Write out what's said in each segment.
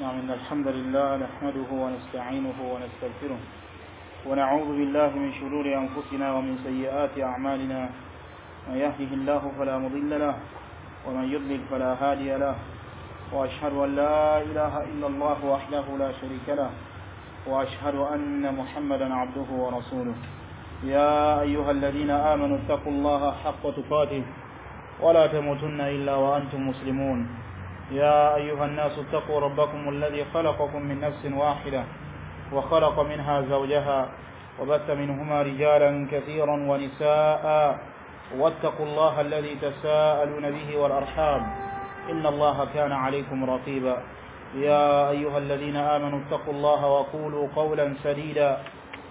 نعم إن الحمد لله نحمده ونستعينه ونستغفره ونعوذ بالله من شرور أنفسنا ومن سيئات أعمالنا من يهده الله فلا مضل له ومن يضلل فلا هادي له وأشهد أن لا إله إلا الله وحده لا شريك له وأشهد أن محمدا عبده ورسوله يا أيها الذين آمنوا اتقوا الله حق تقاته ولا تموتن إلا وأنتم مسلمون يا أيها الناس اتقوا ربكم الذي خلقكم من نفس واحدة وخلق منها زوجها وبث منهما رجالا كثيرا ونساء واتقوا الله الذي تساءلون به والأرحام إن الله كان عليكم رقيبا يا أيها الذين آمنوا اتقوا الله وقولوا قولا سديدا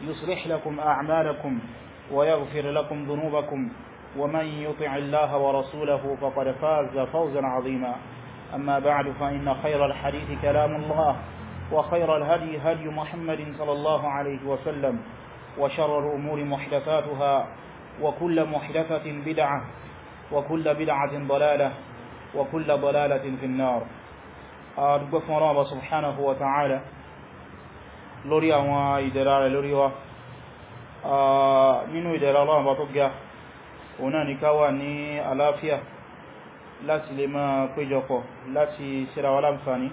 يصلح لكم أعمالكم ويغفر لكم ذنوبكم ومن يطع الله ورسوله فقد فاز فوزا عظيما أما بعد فإن خير الحديث كلام الله وخير الهدي هدي محمد صلى الله عليه وسلم وشر الأمور محدثاتها وكل محدثة بدعة وكل بدعة ضلالة وكل ضلالة في النار أدقف مرابة سبحانه وتعالى لوريا أما لوريا لوري و نينو آه، إدرار الله بطقة هنا نكوى ني ألافية láti lè máa péjọpọ̀ láti ṣera wa láǹfààní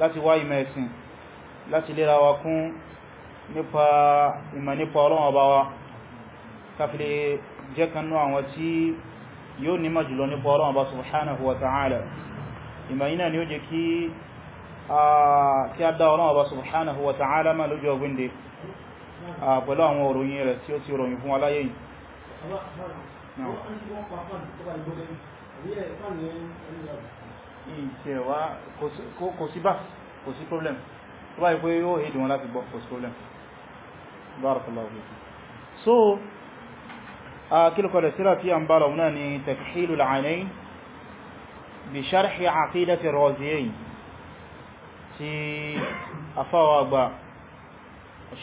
láti wá ìmọ̀ ẹ̀sìn láti lè ra wa kún nípa ìmọ̀ nípa Ọlọ́run Ọba wa káfílẹ̀ jẹ́ kanú àwọn tí yóò nímọ̀ jùlọ nípa Ọlọ́run Ọba subhanahu wa ta'ala ìmọ̀ yìí náà ni ó jẹ́ kí kí a dá ìṣẹ̀wá kò sí bá kò sí problem tó báyìí pé ó hìdì wọn láti gbọ́ kò sí problem barakallahu fiikum so a kílùkọ̀ da síra tí a ń bára wọn náà ni takhilul ainayn bi sharhi aqidati ar-Raziyayn tí afáwà gba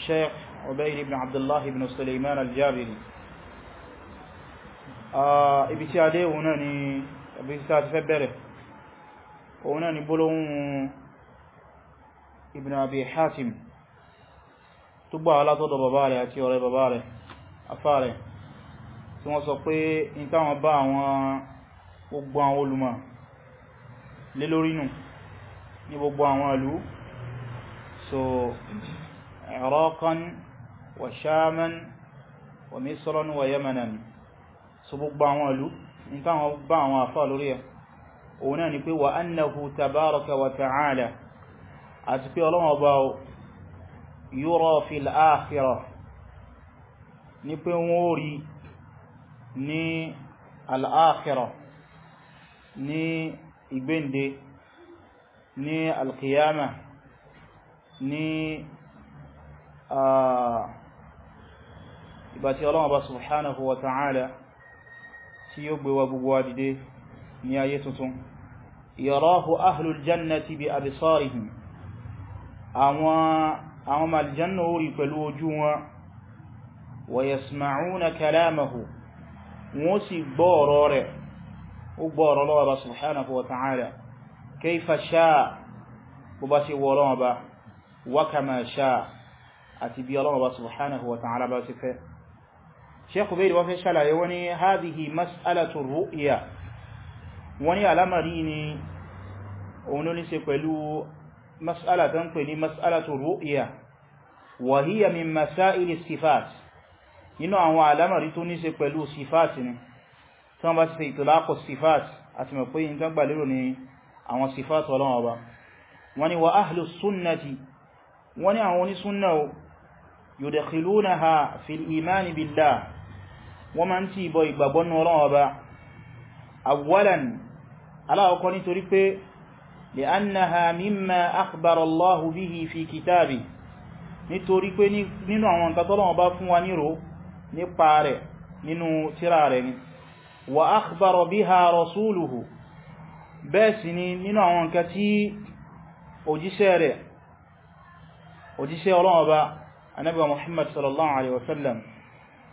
Sheikh Ubayd ibn Abdullah ibn Sulaiman al ibi tí a dé wọn ni tàbí títà ti fẹ́ bẹ̀rẹ̀ òun náà ni bólóhùn ibn abi hatim tó gbà alátọ́dọ̀ bàbá rẹ̀ àti ọ̀rẹ́ bàbá rẹ̀ afá rẹ̀ tí wọ́n sọ pé in táwọn bá àwọn gbogbo àwọn olùmọ̀ lé lórí nù ní gbogbo àwọn ìlú so iraqan wa shaman wa misran wa yamanan so gbogbo àwọn ìlú in táwọn bá àwọn àfà lórí ẹ̀ òun náà ni pé wa annahu tabaraka wa ta'ala àti pé ọlọ́wọ́ bá yúrọ fil akhirah ní pé wọ́n rí ní al ní ìgbéǹde ní al-qiyama ní ìbàtí ọlọ́wọ́ bá subhanahu wa ta'ala tí yóò gbé wa gbogbo wa dìde ní ayé tuntun yarahu ahlul jannati bi absarihim àwọn àwọn aljanna ó rí pẹ̀lú ojú wọn wa yasma'una kalamahu wọ́n sì gbọ́ rẹ̀ ó gbọ́ ọ̀rọ̀ subhanahu wa ta'ala kayfa sha'a bó bá ṣe wọ́ ọlọ́wọ́ bá wa kama sha'a àti bí ọlọ́wọ́ subhanahu wa ta'ala bá ṣe fẹ́ sheikh ubaid wọ́n fẹ́ ṣàlàyé wani hadhihi mas'alatu ru'ya wani alamari ni òun ní ṣe pẹ̀lú mas'alatan pè ní mas'alatu ru'ya wa hiya min masail sifat nínú àwọn alamari tó ní ṣe pẹ̀lú sifat ni tí wọ́n bá ṣe ìtìlákọ̀ sifat àti mọ̀ pé ìjọ gbà lérò ni àwọn sifat Ọlọ́run Ọba wani wa ahlu sunnati wani àwọn onísúnnà yudkhilunaha fil imani billah wọ́n máa ń tí ìbọ ìgbàgbọ́ nínú Ọlọ́run Ọba awwalan aláwọ̀kọ́ nítorí pé li'annaha mimma akhbara Allahu bihi fi kitabi nítorí pé nínú àwọn nǹkan tọ́lọ́wọ́ bá fún wa nírò nípa rẹ̀ nínú tírà rẹ̀ ni wa akhbara biha rasuluhu bẹ́ẹ̀ sì ni nínú àwọn nǹkan òjíṣẹ́ rẹ̀ òjíṣẹ́ Ọlọ́run Ọba ànábì Muhammad sallallahu alaihi wasallam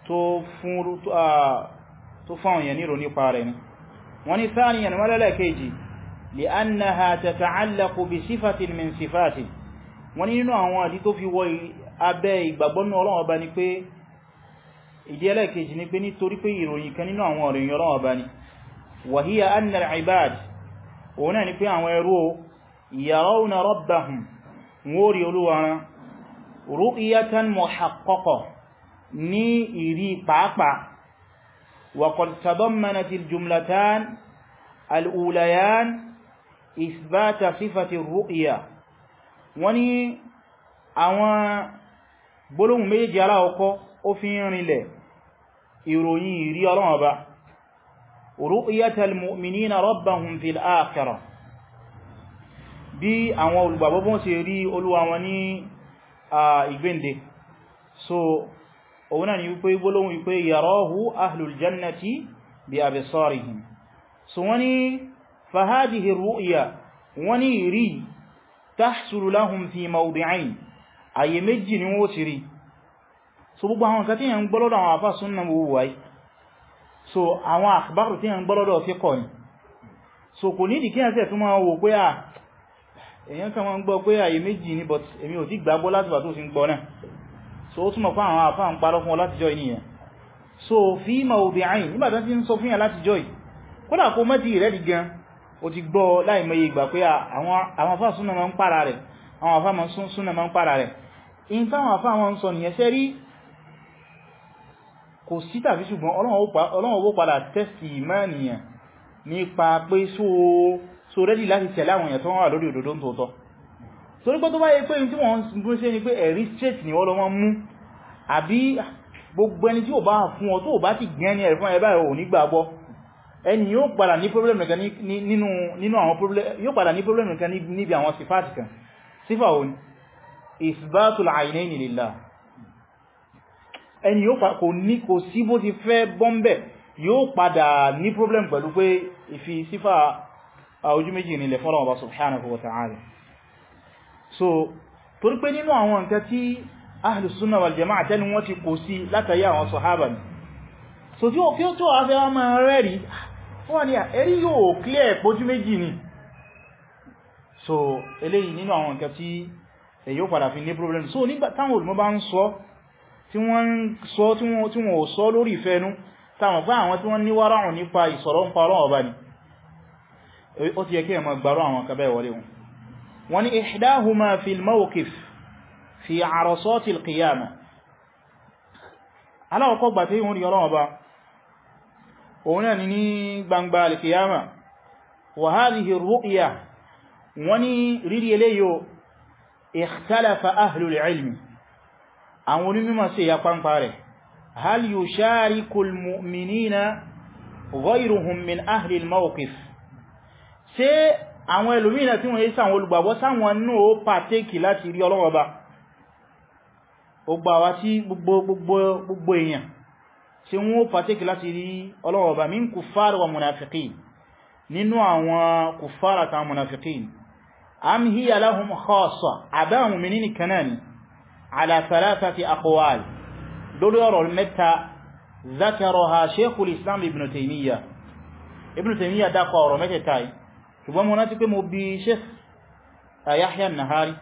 tó fún àwọn èèyàn níro nípa rẹ̀ ni wọ́n ni sáàniyàn mọ́lẹ́lẹ̀ kejì lè annaha tata'allaqu bi sífàtí min sífàtí wọ́n nínú àwọn àdí tó fi wọ abẹ́ ìgbàgbọ́nú Ọlọ́run Ọba ni pé ìdí ẹlẹ́kejì ni pé muhaqqaqah ní ìrí pàápàá وقد تضمنت الجملتان الأوليان إثبات صفة الرؤية wọ́n ní àwọn gbólóhùn méjì aláwọ̀kọ́ ó fi ń rinlẹ̀ ìròyìn ìrí Ọlọ́run Ọba ru'yatal mu'minina rabbahum fil akhirah bí àwọn olùgbàgbọ́ bọ́n rí Olúwa wọn ní ìgbéǹde so òun náà ni wípé gbólóhùn wípé yarahu ahlul jannati bi absarihim so wani fahadihi ru'ya wani rí tahsulu lahum fi mawdi'ain àyè méjì ni wọ́n ti rí so gbogbo àwọn kan tí yẹn gbọ́lọ́dọ̀ àwọn àfá súnnà gbogbo wáyé so àwọn àkbárù tí yẹn gbọ́lọ́dọ̀ fi kọ̀ ní so kò ní ìdíkí ẹ̀sẹ̀ tó máa wò pé à èyàn kan máa ń gbọ́ pé àyè méjì ní but èmi ò ti gbàgbọ́ láti bà tó ti ń gbọ́ náà so ó túnmọ̀ fún àwọn àfáà ń parọ́ fún ọ láti jọ ìníyàn so fi mawdi'ayn nígbàtán tí ń sọ fún yà láti jọ ì kódà kó mẹ́tì rẹ̀ di gan o ti gbọ́ láìmọye ìgbà pé àwọn àfáà súnà máa ń para rẹ̀ àwọn àfáà máa súnà so rẹ́dì láti tẹ̀lé àwọn èèyàn tó wà lórí òdodo torí pé tó bá yẹ pé tí wọ́n mú ṣe ni pé ẹ̀rí straight ni wọ́n lọ wọ́n mú àbí gbogbo ẹni tí ò bá fún ọ tó ò bá ti gbẹ́ ní ẹ̀rí fún ẹ̀bá ò ní gbàgbọ́ ẹni yóò padà ní problem nìkan nínú àwọn problem yóò padà ní problem nìkan níbi àwọn sifat kan sífà òun isbatul aynaini lillah ẹni yóò kò ní kò sí bó ti fẹ́ bọ́m̀bẹ̀ yóò padà ní problem pẹ̀lú pé ìfi sífà ojú méjì nílẹ̀ fọ́lọ́wọ́ subhanahu wa ta'ala so torí pé nínú àwọn nǹkan tí ahlus sunnah wal jama'a àtẹ́nu wọ́n ti kò sí látàrí àwọn sọ̀hábà ni so tí ó kí ó tó afẹ́ ọmọ rẹ̀ rí wọ́n ni ẹ̀rí yóò clear pójú méjì ni so eléyìí nínú àwọn nǹkan tí èyí ó padà fi ní problem so nígbà táwọn olùmọ́ bá ń sọ tí wọ́n sọ tí wọ́n ò sọ lórí ìfẹ́nu táwọn fún àwọn tí wọ́n ní wáràhùn nípa ìsọ̀rọ̀ ń parọ́ ọba ni ó ti yẹ kí ẹ̀mọ̀ gbàrọ̀ àwọn kabẹ́ wọlé wọn wọ́n ní ihdahuma fi al-mawqif fi arasati al-qiyamah aláwọ̀kọ́ gbà tí wọ́n rí ọlọ́wọ́ bá òun náà ni ní gbangba al-qiyama wa hadhihi ar-ru'ya wọ́n ní rírí eléyò ikhtalafa ahlul ilmi àwọn onímọ̀ sí ya pàǹpà rẹ̀ hal yusharikul mu'minina ghayruhum min ahlil mawqif ṣe àwọn ẹlòmínà tí wọ́n yí sáwọn olùgbàgbọ́ sáwọn náà ó pàtẹ́kì láti rí Ọlọ́run Ọba ó gbà wá sí gbogbo èèyàn tí wọ́n ó pàtẹ́kì láti rí Ọlọ́run Ọba min kuffar wa munafiqin nínú àwọn kuffar àtàwọn munafiqin am hiya lahum khassa àbáwọn mìíní kanáni ala thalathati aqwal lórí ọ̀rọ̀ mẹ́ta zakaraha sheikhul ibn taymiyyah ibn taymiyyah mẹ́tẹ̀ta yìí ṣùgbọ́n mo rántí pé mo bi Sheikh eh, Yahya Nahari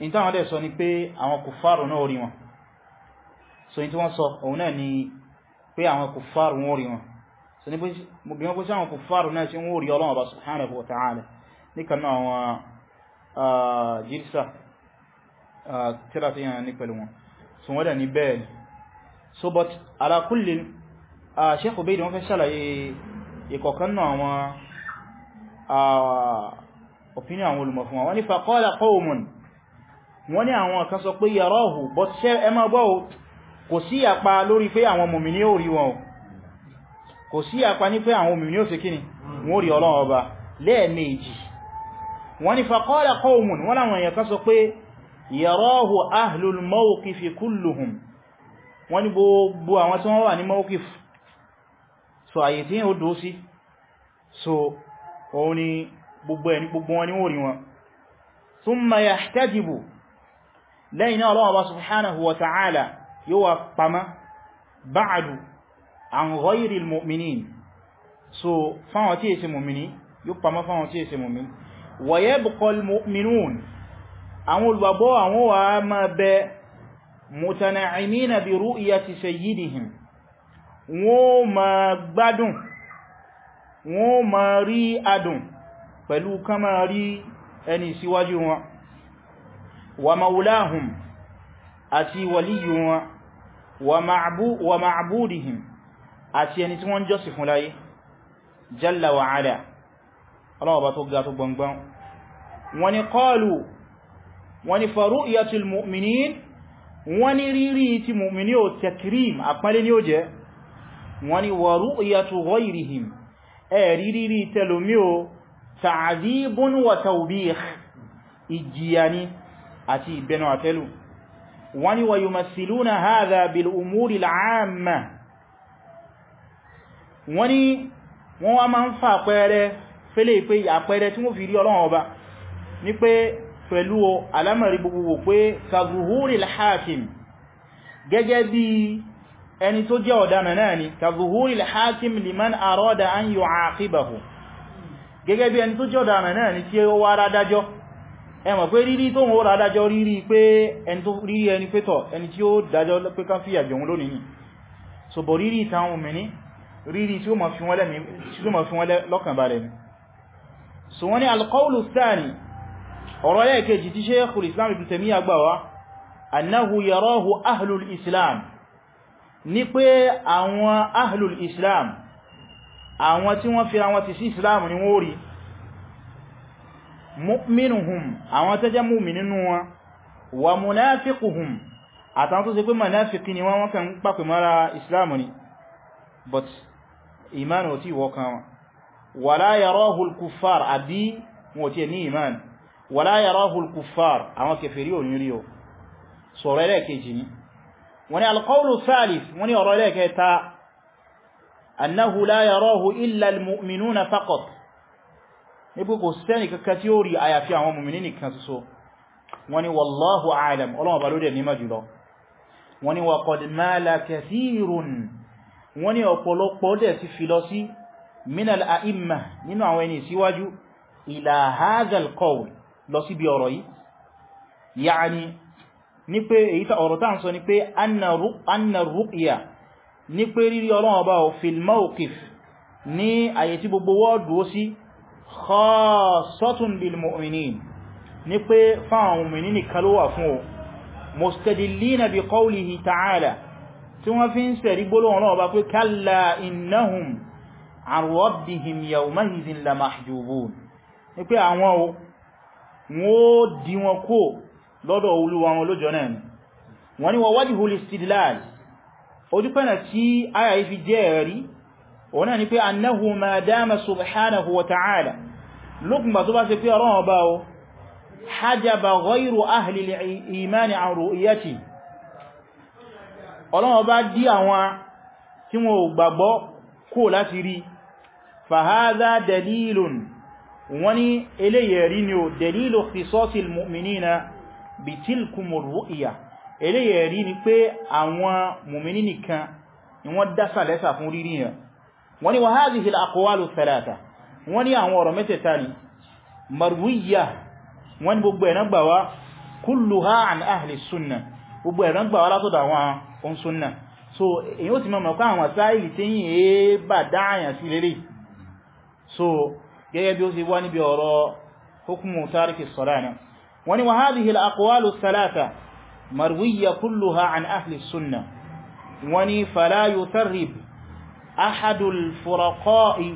in táwọn dẹ̀ sọ ni pé àwọn kùfààrù náà orí wọn so in tí wọ́n sọ òun náà ni pé àwọn kùfààrù wọn orí wọn so ní mo bí wọ́n pé sí àwọn kùfààrù náà sí wọ́n orí Ọlọ́run Ọba subhanahu ìkọ̀kan náà àwọn opinion àwọn olùmọ̀ fún wa wọ́n ní faqala qawmun wọ́n ní àwọn kan sọ pé yarahu but ṣe ẹ ma gbọ́ kò sí àpá lórí pé àwọn mùmìní ò rí wọn kò sí àpá ní pé àwọn mùmìní ò sí kíni wọ́n rí Ọlọ́run ọba lẹ́ẹ̀mejì òun ni gbogbo ẹni gbogbo wọn ni wọ́n rí wọn thumma yahtajibu lẹ́yìn náà Allah subhanahu wa ta'ala yóò wà pàmá ba'du an ghayri al-mu'minin so fáwọn tí èsì mu'mini yóò pàmá fáwọn tí èsì mu'mini wa yabqa al-mu'minun àwọn olùgbàgbọ́ wọ́n ma rí adùn pẹ̀lú kan ma rí ẹni síwájú wọn wa maulahum àti waliyu wọn wa ma'budihim àti ẹni tí wọ́n jọ́sìn fún láyé jalla wa ala ọlọ́wọ́ tó ga tó gbọmgbọm wọ́n ní qalu wọ́n ní faru'yatul mu'minin wọ́n ní rírí ti mu'mini o takrim àpálẹ́ ní ó jẹ́ wọ́n ní wa ru'yatu ghayrihim ẹ̀rí rírí tẹlomí o ta'adibun wa tawbih ìjìyà ni àti ìbẹnu àtẹ́lù wani wa yumassiluna hadha bil umuri al'amma wani wọ́n wá máa ń fa àpẹẹrẹ fẹ́lẹ̀ pé àpẹẹrẹ tí wọ́n fi rí Ọlọ́run ọba ní pé pẹ̀lú alamari gbogbo pé kazuhuri al gẹ́gẹ́ bí ẹni tó jẹ́ ọ̀daràn náà ni ka zuhuri al-hakim liman arada an yu'aqibahu gẹ́gẹ́ bí ẹni tó jẹ́ ọ̀daràn náà ni tí ó wá rádájọ́ ẹ mọ̀ pé rírí tó wọ́n rádájọ́ rírí pé ẹni tó rírí ẹni pé tọ̀ ẹni tí ó dájọ́ pé ká fìyà jẹun lónìí ni so bọ̀ rírí ìtàwọn òmìnì rírí tí ó mọ̀ fi wọ́n lọ́kàn balẹ̀ ni ní pé àwọn ahlul islam àwọn tí wọ́n fi àwọn ti sí islam ni wọ́n rí mu'minuhum àwọn tẹ́jẹ́ mu'mininu wọn wa munafiquhum àtàwọn tó ṣe pé munafiki ni wọ́n kàn pàpẹ mara islam ni but iman ò tí wọ́kan wọn wala yarahu al-kuffar àbí wọ́n tí ní iman wala yarahu al-kuffar àwọn kèfèrí ò rí o sọ̀rọ̀ ẹlẹ́kejì ni wani alqawlu thalith wani ọ̀rọ̀ lẹ́kẹta annahu la yarahu illa almu'minuna faqat nígbé kò sẹ́ni kankan tí ó rí àyàfi àwọn mùmìnì nìkan ṣoṣo wani wallahu a'lam ọlọ́wọ́ bá lóde nímọ̀ jùlọ wani wa qad mala ní pé èyí ta ọ̀rọ̀ táà ń sọ ní pé anna ruqya ní pé rírí Ọlọ́run Ọba ò fil mawqif ní àyè tí gbogbo wọ́ọ̀dù ó sí khassatun lil mu'minin ní pé fáwọn mu'mini ní kalówà fún lọ́dọ̀ olúwa wọn lójọ náà ni wọ́n ni wọ́n wajhul istidlal ojúpẹ́nà tí aya yìí fi jẹ́ ẹ̀rí òun náà ni pé annahu ma dama subhanahu wa ta'ala lókùnbà tó bá ṣe pé ọ̀rọ̀ ọba o hajaba ghayru ahli imani an ni o dalilu ikhtisasi al-mu'minina bitilkumur ru'ya eléyẹ̀ rí ni pé àwọn mùmìnì nìkan ni wọ́n dásà lẹ́sà fún rírí yẹn wọ́n ni wa hadhihi al-aqwalu thalatha wọ́n ni àwọn ọ̀rọ̀ mẹ́tẹ̀ta ni marwiya wọ́n ni gbogbo ẹ̀nà gbàwá kulluha an ahli sunna gbogbo ẹ̀nà gbàwá látọ̀dọ̀ àwọn wọ́n ní wa hadhihi al-aqwalu thalatha marwiya kulluha an ahli sunna wọ́n ní fala yutarrib ahadu al-furaqa'i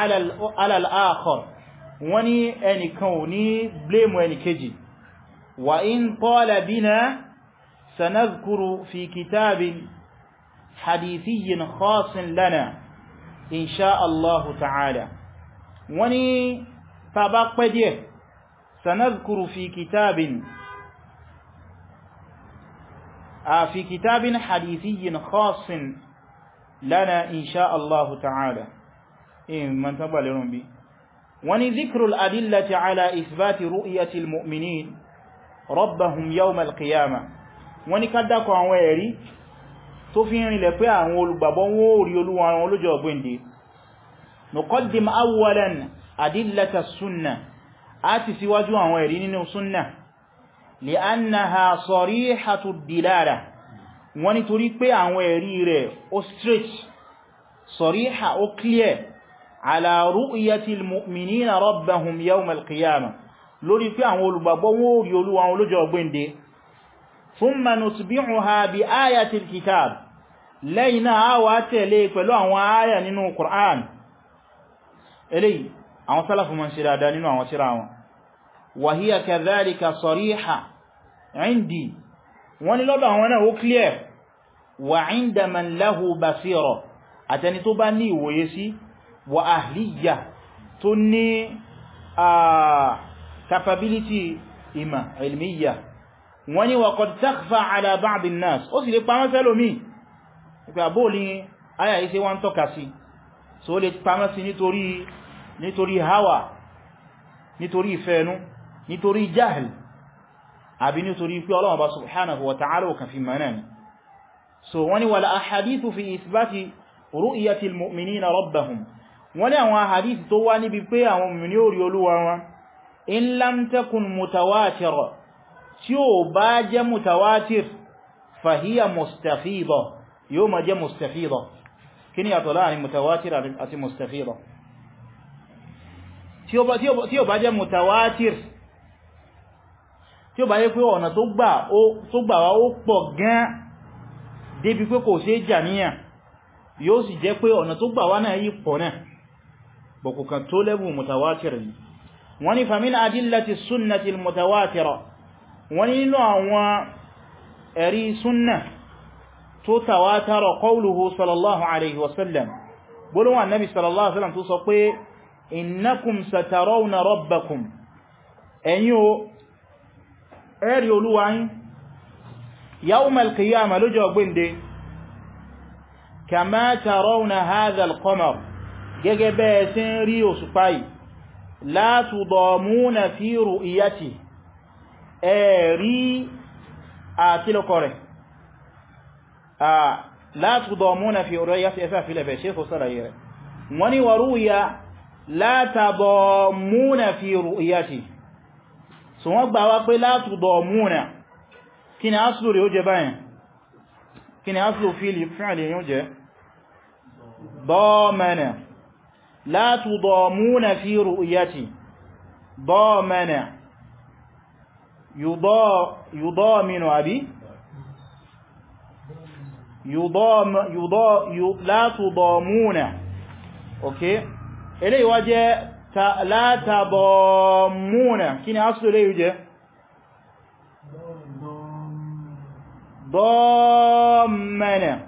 ala al-akhar wọ́n ní ẹnìkan ò ní blame ẹnìkejì wa in tala bina sanadhkuru fi kitabin حديثي خاص لنا إن شاء الله تعالى وني تبقى ديه سنذكر في كتاب في كتاب حديثي خاص لنا إن شاء الله تعالى من تبال ربي ونذكر الأدلة على إثبات رؤية المؤمنين ربهم يوم القيامة ونكدكوا عن ويري tó fi ń rinlẹ̀ pé àwọn olùgbàgbọ́ wọn ò rí Olúwa wọn a ti síwájú àwọn ẹ̀rí nínú súnnà li'annaha sarihatu dilala wọ́n ni torí pé àwọn ẹ̀rí rẹ̀ ó straight sariha ó clear ala ru'yatil mu'minina rabbahum yawmal qiyamah lórí pé àwọn olùgbàgbọ́ wọ́n rí Olúwa wọn lọ́jọ́ ọgbẹ́ndé thumma nutbi'uha e àwọn àyà mọ̀ ṣe dáadáa nínú àwọn síra wọn وهي كذلك صريحة عندي wọ́n ni lọ́dọ̀ àwọn náà ó clear wà inda man lahu basira àtẹni tó bá ní ìwòye sí wà ahliya tó ní capability ìmà ilmiya wọ́n ni wà qad takhfa ala ba'd an-nas ó sì lè pàmọ́ sẹ́lòmí ìpẹ́ àbóòlì ayà iṣẹ́ wọ́n tọ́ka sí so lè pàmọ́ sí nítorí hawa nítorí ìfẹ́ẹnú nítorí jahil àbí nítorí pé Ọlọ́run Ọba subhanahu wa ta'ala ò kàn fi mọ̀ náà ni so wọ́n ni wàlá ahadithu fi isbati ru'yati almu'minina rabbahum wọ́n ni àwọn ahadithu tó wá níbi pé àwọn mu'mini orí olúwa wọn in lam takun mutawatir tí ó tí ó bá jẹ́ mutawatir tí ó bá yé pé ọ̀nà tó gbà wá ó pọ̀ gan débi pé kò ṣe é jà níyàn yóò sì jẹ́ pé ọ̀nà tó gbà wá náà yí pọ̀ náà bọ̀kùnkàn tó lẹ́bù mutawatir ni wọ́n ni famin adillati sunnati mutawatira wọ́n nínú àwọn ẹ̀rí sunna tó tawátara qawluhu ẹ̀rí olúwa yín yawmal qiyamah lọ́jọ́ gbẹ́ndẹ̀ kama tarawna hadha al-qamar gẹ́gẹ́ bẹ́ẹ̀ sí rí òṣùpá yìí la tudamuna fi ru'yati ẹ̀rí àkílọ́kọ̀ rẹ̀ la tudamuna fi ru'yati ẹfẹ́ àfilẹ̀ bẹ̀ ṣe kò sára yẹrẹ wọ́n ni wa ru'ya la tadamuna fi ru'yati so wọ́n gbà wá pé látùdọ̀ múnà kí ni aṣlò rẹ̀ ó jẹ báyìí kí ni aṣlò fíìlì fíìlì yóò jẹ dọ́mẹ́nà látùdọ̀ múnà fi ru'yati dọ́mẹ́nà yudọ́minu àbí látùdọ̀ múnà لا تضامون كيني أصل ليه جاء ضامنا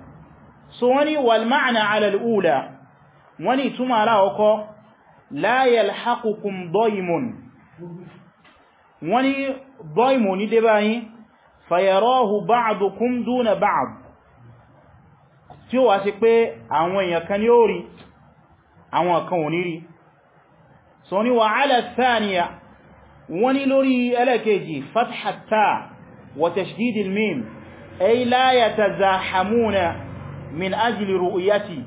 سواني والمعنى على الأولى واني تما لاوكو لا يلحقكم ضيم واني ضيم ندباهي فيراه بعضكم دون بعض tí ó wá sí pé àwọn èèyàn kan ní ó rí àwọn kan ò ní rí so ni wa ala thaniya wani lórí ẹlẹ́kejì fathata wa tashdidil mim ay la yatazahamuna min ajli ru'yati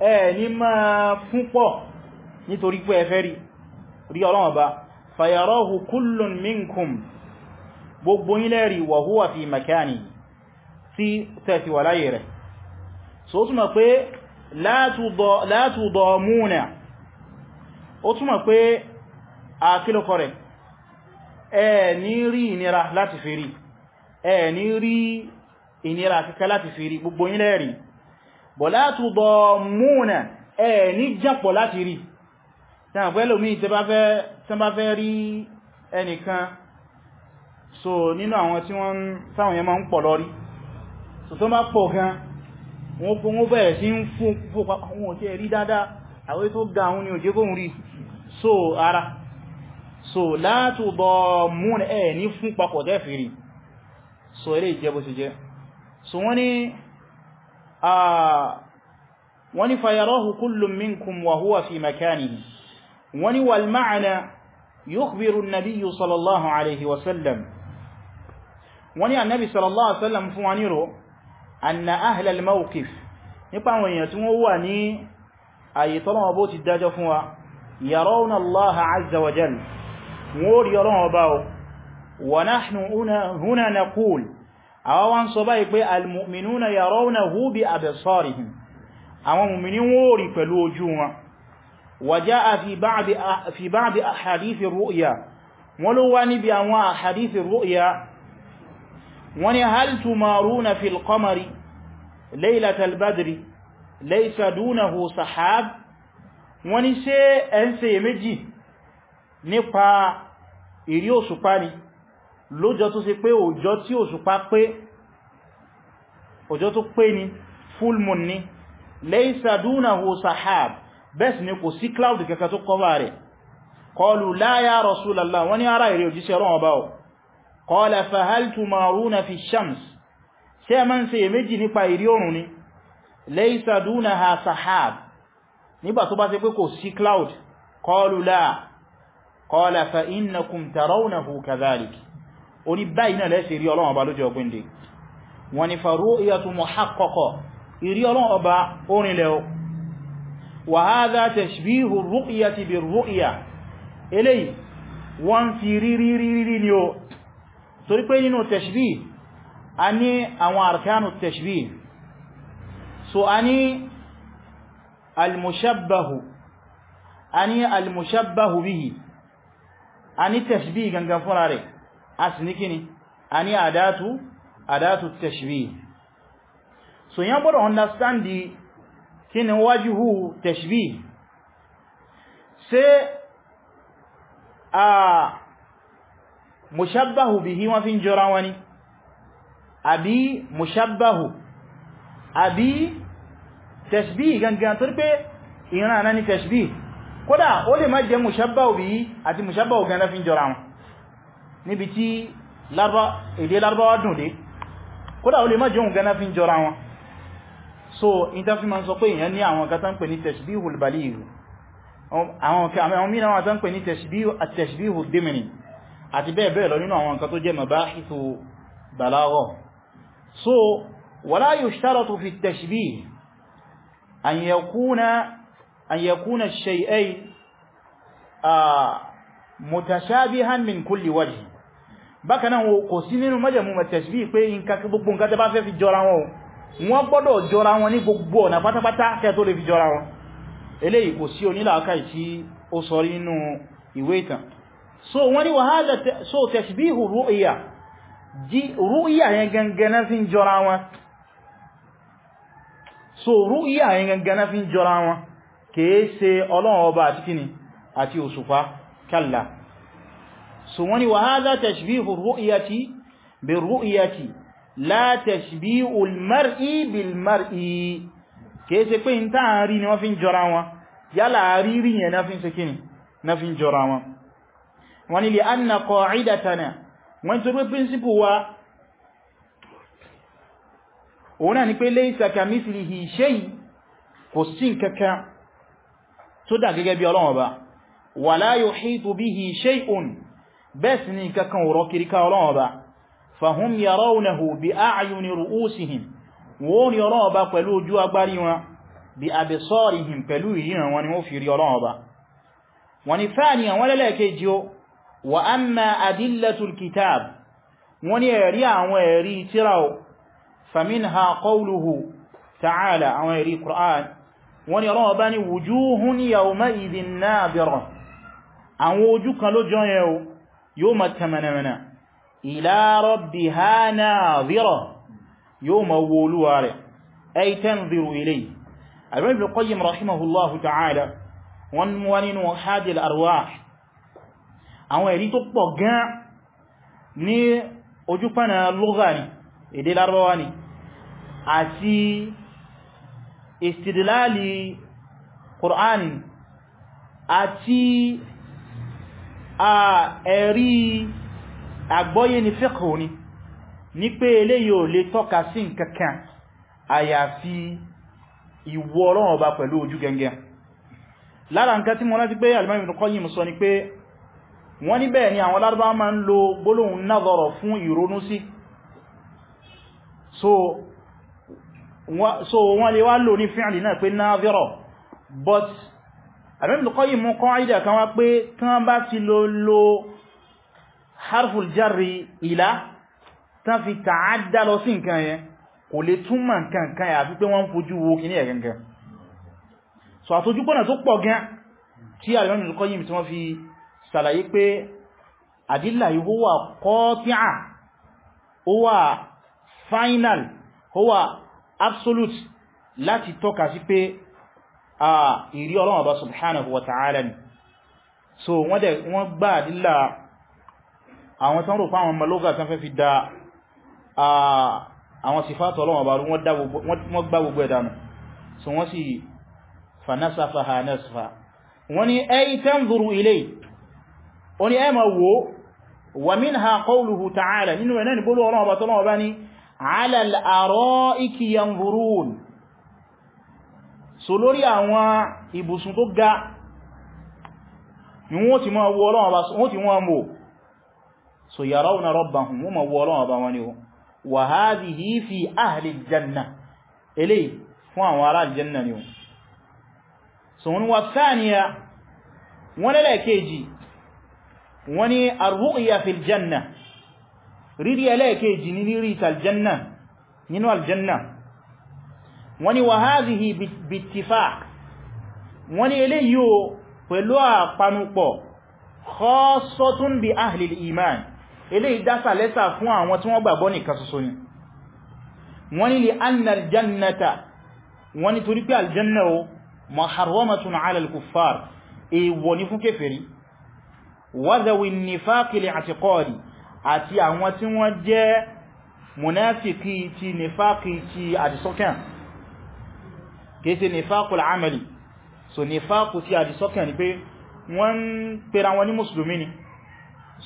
ẹ ní ma fúnpọ̀ nítorí pé ẹfẹ́ rí rí ọlọ́wọ́ bá fayarahu kullun minkum gbogbo ilẹ̀ rí wa huwa fi makani tí tẹ́fi wà láyé rẹ̀ so túnmọ̀ pé látúdọ̀ múnà ó túnmọ̀ pé àkílòkọ rẹ̀ ẹ ní rí ìnira láti fi rí ẹ ní rí ìnira kíkẹ́ láti fi rí gbogbo yín lẹ́rí bọ̀ látù bọ̀ múnà ẹ ní láti rí so nínú àwọn tí wọ́n sáwọn yẹn so tó bá pọ̀ gan wọ́n bẹ̀rẹ̀ sí ń fún púpọ̀ àwọn òjẹ́ rí dáadáa àwọn tó ga àwọn ni òjẹ́ kóhun rí so ara so látò bọ̀ mún ẹ̀ ní fún papọ̀ tẹ́fìrí so eré ìjẹ́ bó ti jẹ́ so wọ́n ni a wọ́n ni fayarahu kullum minkum wa huwa fi makanihi wọ́n ni wal ma'ana yukhbiru an-nabiy sallallahu alaihi wasallam wọ́n ni annabi sallallahu alaihi wasallam fún wa nírò anna ahlal mawqif nípa àwọn èèyàn tí wọ́n wà ní àyè bó ti dájọ́ fún wa يرون الله عز وجل مور يرون أباو ونحن هنا نقول أوان صباحي بي المؤمنون يرونه بأبصارهم أوان مؤمنين ووري فلوجوما وجاء في بعض في بعض أحاديث الرؤيا ولوان بأنواع أحاديث الرؤيا وني هل تمارون في القمر ليلة البدر ليس دونه صحاب wọ́n ní ṣe ẹ̀ ń ṣe èméjì nípa ìrí òṣùpá ni lójọ́ tó ṣe pé òjò tí òṣùpá pé òjò tó pé ni full moon ni laysa dunahu sahab bẹ́ẹ̀ sì ni kò sí cloud kẹkẹ tó kọ́bà rẹ̀ qalu la ya wọ́n ní ara ìrí òjíṣẹ́ ọ̀rọ̀ ọba ọ̀ qala fahal tumaruna fi shams ṣe ń ṣe èméjì nípa ìrí òrùn ni laysa dunaha sahab nígbà tó bá ṣe pé kò sí cloud qalu la qala fa innakum tarawnahu kadhalik orí báyìí náà lẹ́sẹ̀ rí ọlọ́run ọba lójú ọgbìn dé wọn ni faru'yatu muhaqqaqa ìrí ọlọ́run ọba orin lẹ́o wa hadha tashbihu ar-ru'yati al-mushabbahu ani al-mushabbahu bihi ani tashbih gangan fúnra rẹ̀ asiniki ni ani adatu adatu tashbih so yan gbọ́dọ̀ understand the ni wájúhù tashbih ṣe a mushabbahu bihi wọ́n fi ń jọra wani àbí mushabbahu àbí tashbih gangan torí pé ìran àná ni tashbih kódà ó lè má jẹ́ mushabba òbí àti mushabba ògan na fi ń jọra wọn níbi tí èdè lárúbáwá dùn dé kódà ó lè má jẹ́ òun gan fi ń jọra wọn so ìta fi ma ń sọ pé èèyàn ní àwọn kan tán pè ní tashbihul baligh àwọn mìíràn wọn tán pè ní tashbihul dimini àti bẹ́ẹ̀ bẹ́ẹ̀ lọ nínú tó so wala yushtaratu fi tashbih an yakuna an yakuna shay'ain mutashabihan min kulli wajh bákan náà kò sí nínú májẹ̀mú tashbih pé nǹkan gbogbo nǹkan tẹ́ bá fẹ́ fi jọra wọn wọ́n gbọ́dọ̀ jọra wọn ní gbogbo ọ̀nà pátápátá kẹ́ tó lè fi jọra wọn eléyìí kò sí onílàákà tí ó sọ nínú ìwé ìtàn so tashbihu ya jọra so rúyà yẹn gangan na fi ń jọra wọn kìí ṣe ọlọ́run ọba àti kíni àti òṣùpá kalla so wọ́n ni wa hadha tashbihu rúyàtí bi rúyàtí la tashbihu al-mar'i bil mar'i kìí ṣe pé ń tàà rí ni wọ́n fi ń jọra wọn yálà rírí yẹn na fi ń jọra wọn wọ́n ni li anna qa'idatana wọ́n òun náà ni pé laysa kamithlihi shay kò sí nǹkankan tó dà gẹ́gẹ́ bí Ọlọ́run Ọba wala yuhitu bihi shay'un bẹ́ẹ̀ sì ni nǹkankan ò rọ́ kiri ká Ọlọ́run Ọba fahum yarawnahu bi a'yuni ru'usihim wọ́n ni wa amma adillatul kitab wọ́n ni ẹ̀rí àwọn ẹ̀rí فمنها قوله تعالى عن يري القرآن wọ́n yọ̀rọ̀ ọba ní wujuhun yawma'idhin nabirah àwọn ojú kan lójọ́ yẹn o yóò ma tẹ̀mẹ̀nẹ̀mẹ̀nà ila rabbiha nadhirah yóò ma wo olúwa rẹ̀ ay tanziru ilayhi Ibn Qayyim rahimahullahu ta'ala wọ́n wá nínú hadil arwah àwọn ẹ̀rí tó pọ̀ gan ní ojúpẹ́nà lugha ni èdè Lárúbáwá ni àti istidlali Kùránì àti ẹ̀rí àgbọ́yé ni fiqh ni ní pé eléyìí ò lè tọ́ka sí nǹkankan àyàfi ìwọ Ọlọ́run Ọba pẹ̀lú ojú gẹngẹn lára nǹkan tí mo rántí pé alimami Ibn Qayyim sọ ni pé wọ́n ní ni àwọn Lárúbáwá máa ń lo gbólóhùn nadhara fún ìrónú sí so so wọ́n lè wá lò ní fíìlì náà pé nadhira but àbẹ́bìnú kọ́ yìí mú qaida kan wá pé tán bá ti lo lo harful jarri ila tán fi ta'adda lọ sí nǹkan yẹn kò lè túnmà nǹkan kan yà fi pé wọ́n fojú wo kì ní ẹ̀gẹ̀gẹ̀ so àtojúpọ̀nà tó pọ̀ gan tí àbẹ́bìnú kọ́ yìí tí wọ́n fi sàlàyé pé àdílà ìwó wà qati'a ó wà final ó wà absolute láti tọ́ka sí pé a ìrí Ọlọ́run bá subhanahu wa ta'ala ni so wọ́n dẹ̀ wọ́n gbá àdílà àwọn tán rò fún àwọn malóga tán fẹ́ fi da àwọn sifáàtì Ọlọ́run bá rú wọ́n gbá gbogbo ẹ̀dánù so wọ́n sì fanasafa ha nasafa wọ́n ni ẹ̀yí tanzuru ilay wọ́n ni ẹ ma wo wa minha qawluhu ala al-ara'iki yanzurun so lórí àwọn ibùsùn tó ga ni wọ́n ti máa wo Ọlọ́run bá wọ́n ti wọ́n mọ̀ so yarawna rabbahum wọ́n máa wo Ọlọ́run bá wọn ni o wa hadhihi fi ahli al-janna fún àwọn ará al ni o so wọ́n wá thaniya wọ́n lẹ́lẹ́kejì wọ́n ni ar fi al rírí ẹlẹ́ẹ̀kejì ní rírí aljanna nínú aljanna wọ́n ní wa hadhihi bittifaq wọ́n ní eléyìí o pẹ̀lú àpanupọ̀ khassatun bi ahli al-iman eléyìí dá lẹ́sà fún àwọn tí wọ́n gbàgbọ́ nìkan ṣoṣo ni wọ́n ní li anna aljannata àti àwọn tí wọ́n jẹ́ munafiki ti nifaki ti àdìsọ́kàn kìí ṣe nifakul amali so nifaku ti àdìsọ́kàn ni pé wọ́n ń pera wọn ní musulmi ni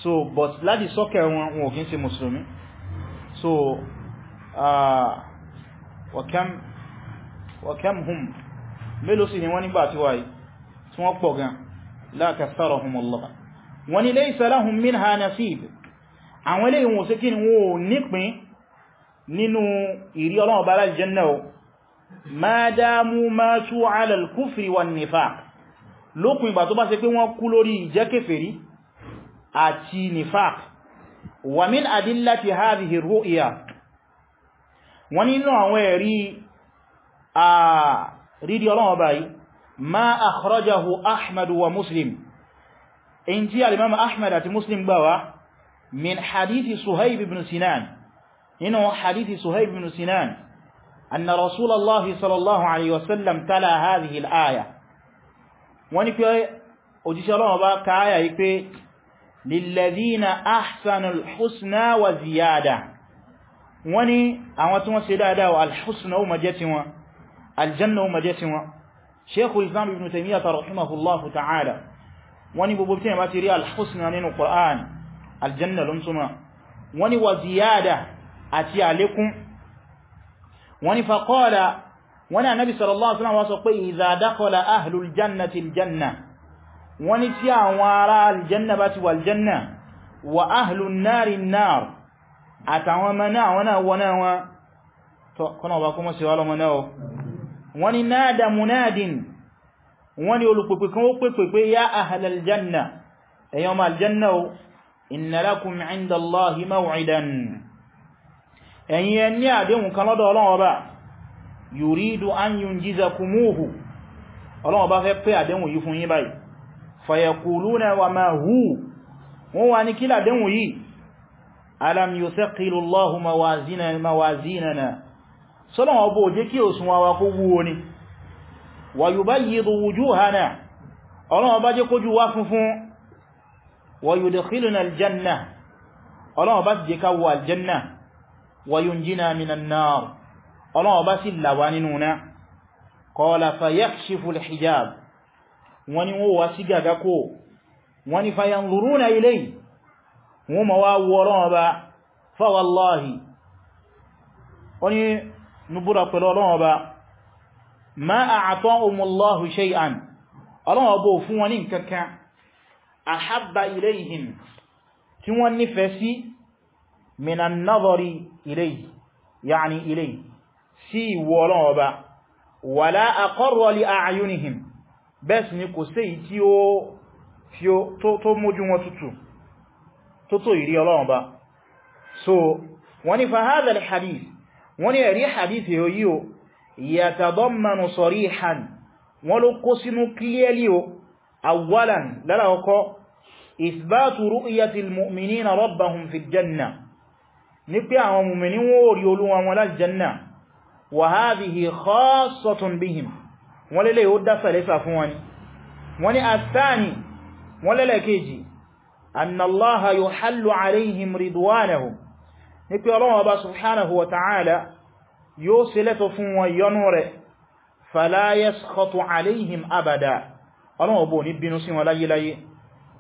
so but ládìsọ́kàn wọn wọn ò kìí ṣe musulmi so uh, ah, wakam wakam hum mélòó sí ni wọ́n nígbà tí wáyé tí wọ́n pọ̀ gan la kasarahum Allah wọ́n ni laysa àwọn ilé ìwọ̀n síkí ni wọ́n nípin nínú ìrí ọlọ́wọ́ bá láti jẹ́nà o ma dámú ma sú alàlkúfì wà nifaq lókùn ìgbà tó bá ṣe pé wọ́n kú lórí ìjẹ́ kèfèrí àti nifaq wà mín adillati hadhihi ru'ya wọ́n nínú àwọn ẹ̀rí من حديث سهيب بن سنان إنه حديث سهيب بن سنان أن رسول الله صلى الله عليه وسلم تلا هذه الآية ونكي أجيش الله بك آية يكي للذين أحسنوا الحسنى وزيادة وني أعواتهم سدادة والحسنى ومجتهم الجنة ومجتهم شيخ الإسلام بن تيمية رحمه الله تعالى وني ببتين باتري الحسنى من القرآن aljanna ló ń túnmà wọ́n ni wà ziyada àti àlékún wọ́n ni faqala wọ́n ni anábi sallallahu alaihi wasallam wá sọ pé idha dakhala ahlul jannati aljanna wọ́n ni tí àwọn ará aljanna bá ti wà aljanna wa ahlun nari nar àtàwọn mẹ́nà àwọn náà wọ́n náà wọ́n tó kọ́nà ọba kọmọ́ sí wà lọ́mọ náà nada munadin wọ́n ni kan ó pẹ̀pẹ̀ ya ahlal janna inna lakum 'inda Allahi maw'idan ẹ̀yin ẹ ní àdéhùn kan lọ́dọ̀ Ọlọ́run Ọba yuridu an yunjizakumuhu Ọlọ́run Ọba fẹ́ pé àdéhùn yìí fún yín báyìí fayakuluna wa ma hu wọ́n wá ní kí làdéhùn yìí alam yuthaqilu Allahu mawazinana sọ́lọ́wọ́ ọba ò jẹ́ kí òsùn wa kó wúwo ni wa yubayyidu wujuhana Ọlọ́run Ọba jẹ́ kójú wa funfun ويدخلنا الجنة الله بس جكا والجنة وينجنا من النار الله بس اللواننون قال فيكشف الحجاب وني هو واسقاكو وني فينظرون إليه وما وورابا فوالله وني نبرا قلوبا ما أعطاهم الله شيئا الله أبو فوني ككا ahabba ilayhim tí wọ́n nífẹ̀ẹ́ sí minan nadhari ilayhi ya'ni ilayhi sí ìwọ Ọlọ́run Ọba wala aqarra li a'yunihim bẹ́ẹ̀ sì ni kò sí èyí tí ó fi tó mójú wọn tutù tó tó ìrí Ọlọ́run so wọ́n ní fa hadha al-hadith wọ́n ní ẹ̀rí hadith awwalan lára ọkọ́ ìsbátù ru'yatil mu'minina rabbahum fi janna ní pé àwọn mu'mini wọ́n rí olúwa wọn láti janna wa hadhihi khassatun bihim wọ́n lélẹ̀ ó dáfà lẹ́sà fún wọn wọ́n ni àtàni wọ́n lélẹ̀ kejì annallaha ní pé ọlọ́wọ́ bá ọlọ́wọ́ bó ní bínú sí wọn láyéláyé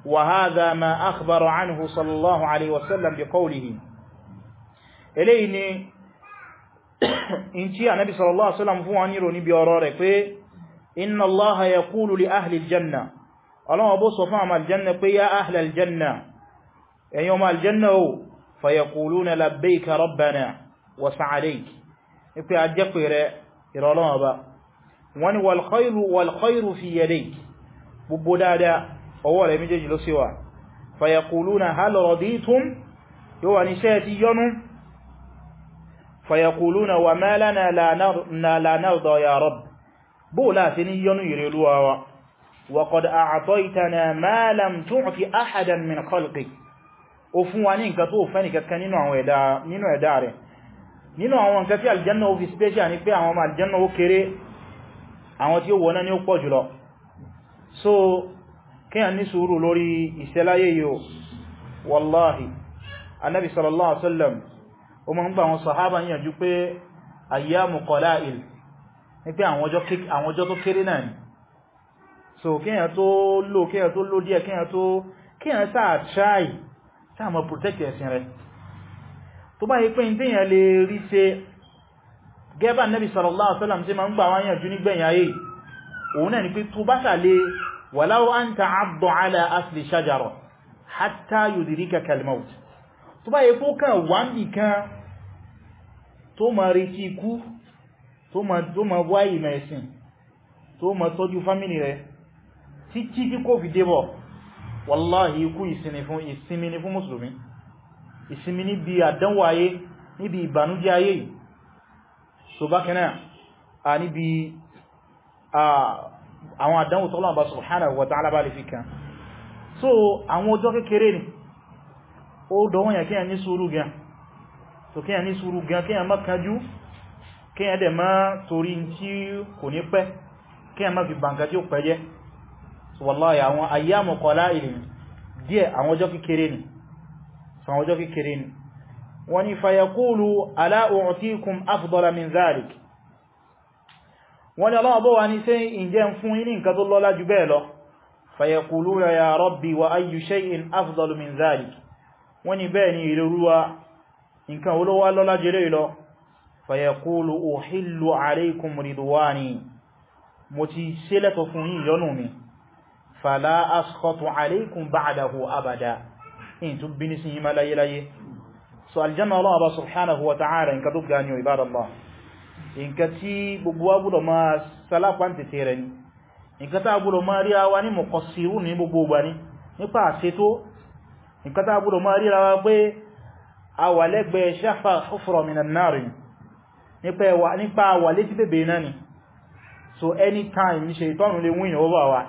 wa hadha ma akhbara anhu sallallahu alaihi wasallam bi qawlihi eléyìí ni in tí ànábì sallallahu alaihi wasallam fún wọn nírò níbi ọ̀rọ̀ rẹ̀ pé inna allaha yaqulu li ahli aljanna ọlọ́wọ́ bó sọ fún àmà aljanna pé ya ahli aljanna ẹ̀yin ọmọ aljanna o fayaquluna labbayka rabbana wa sa'alayk ipe ajẹ́pẹ̀ rẹ̀ ìrọ̀lọ́wọ́ ba wani wal fi yadayk gbogbo dáadáa ọwọ́ rẹ̀ méjèèjì ló síwà fayakuluna hal raditum yóò wà ní iṣẹ́ ti yọnu fayakuluna wa ma lana la narda ya rab bó láti ní yọnu ìrẹ̀lúwa wa wa qad a'taytana ma lam tu'ti ahadan min khalqik ó fún wa ní nǹkan tó fẹ́ nìkankan nínú ẹ̀dá àwọn tí ó fi special ó pọ̀ jùlọ so kí a ní sùúrù lórí ìṣẹ́láyé yóò wallahi annabi sallallahu alaihi wasallam o ma ń gbà wọn sahaba níyànjú pé ayyamu qala'il ní pé àwọn ọjọ́ tó kéré náà ni so kíyàn tó lò kíyàn tó lò díẹ̀ kíyàn tó kíyàn sáà chai sáà mọ̀ protect ẹ̀sìn rẹ̀ tó bá yí pé ìdíyàn lè rí ṣe gẹ́bà annabi sallallahu alaihi wasallam òun náà ni pé tó bá sàlé walau anta abdu ala asli shajara hatta yudirika kalmaut tó bá yẹ kó kàn wà ń nìkan tó ma retí ikú tó ma wá ìmẹ̀ ẹ̀sìn tó ma tọ́jú fámìlì rẹ̀ títí tí kò fi débọ̀ wallahi ikú ìsinmi ni fún Ah, àwọn àdánwò tọ́lọ́ bá subhanahu wa ta'ala bá lè fi kàn so àwọn ọjọ́ kékeré ni ó dọ̀wọ́n yà kíyàn ní sùúrù gan so kíyàn ní sùúrù gan kíyàn má kánjú kíyàn dẹ̀ má torí tí kò ní pẹ́ kíyàn má fi bàǹkà tí ó pẹ́ wọ́n ni fayaqulu ala afdala min dhalik wọ́n ni ọlọ́wọ́ bó wá ní ṣe ìjẹ́ fún yín ní nǹkan tó lọ́lá jù bẹ́ẹ̀ lọ fayakuluna ya rabbi wa ayyu shay'in afdalu min dhalik wọ́n ni bẹ́ẹ̀ ni ìrúwa nǹkan olówá lọ fayakulu uhillu alaykum ridwani mo ti ṣe nǹkan tí gbogbo wa gbọ́dọ̀ máa sálápá tètè rẹ̀ ni nǹkan tá gbọ́dọ̀ máa rí àwa ní mọ̀kọ̀sírù ní gbogbo ìgbà ní nípa àṣetó nǹkan tá gbọ́dọ̀ máa rí àwa pé a wà ṣáfà ọ̀fọ̀rọ̀ mìíràn so anytime ní ṣe ìtọ́nù lè wíyàn ó bà wá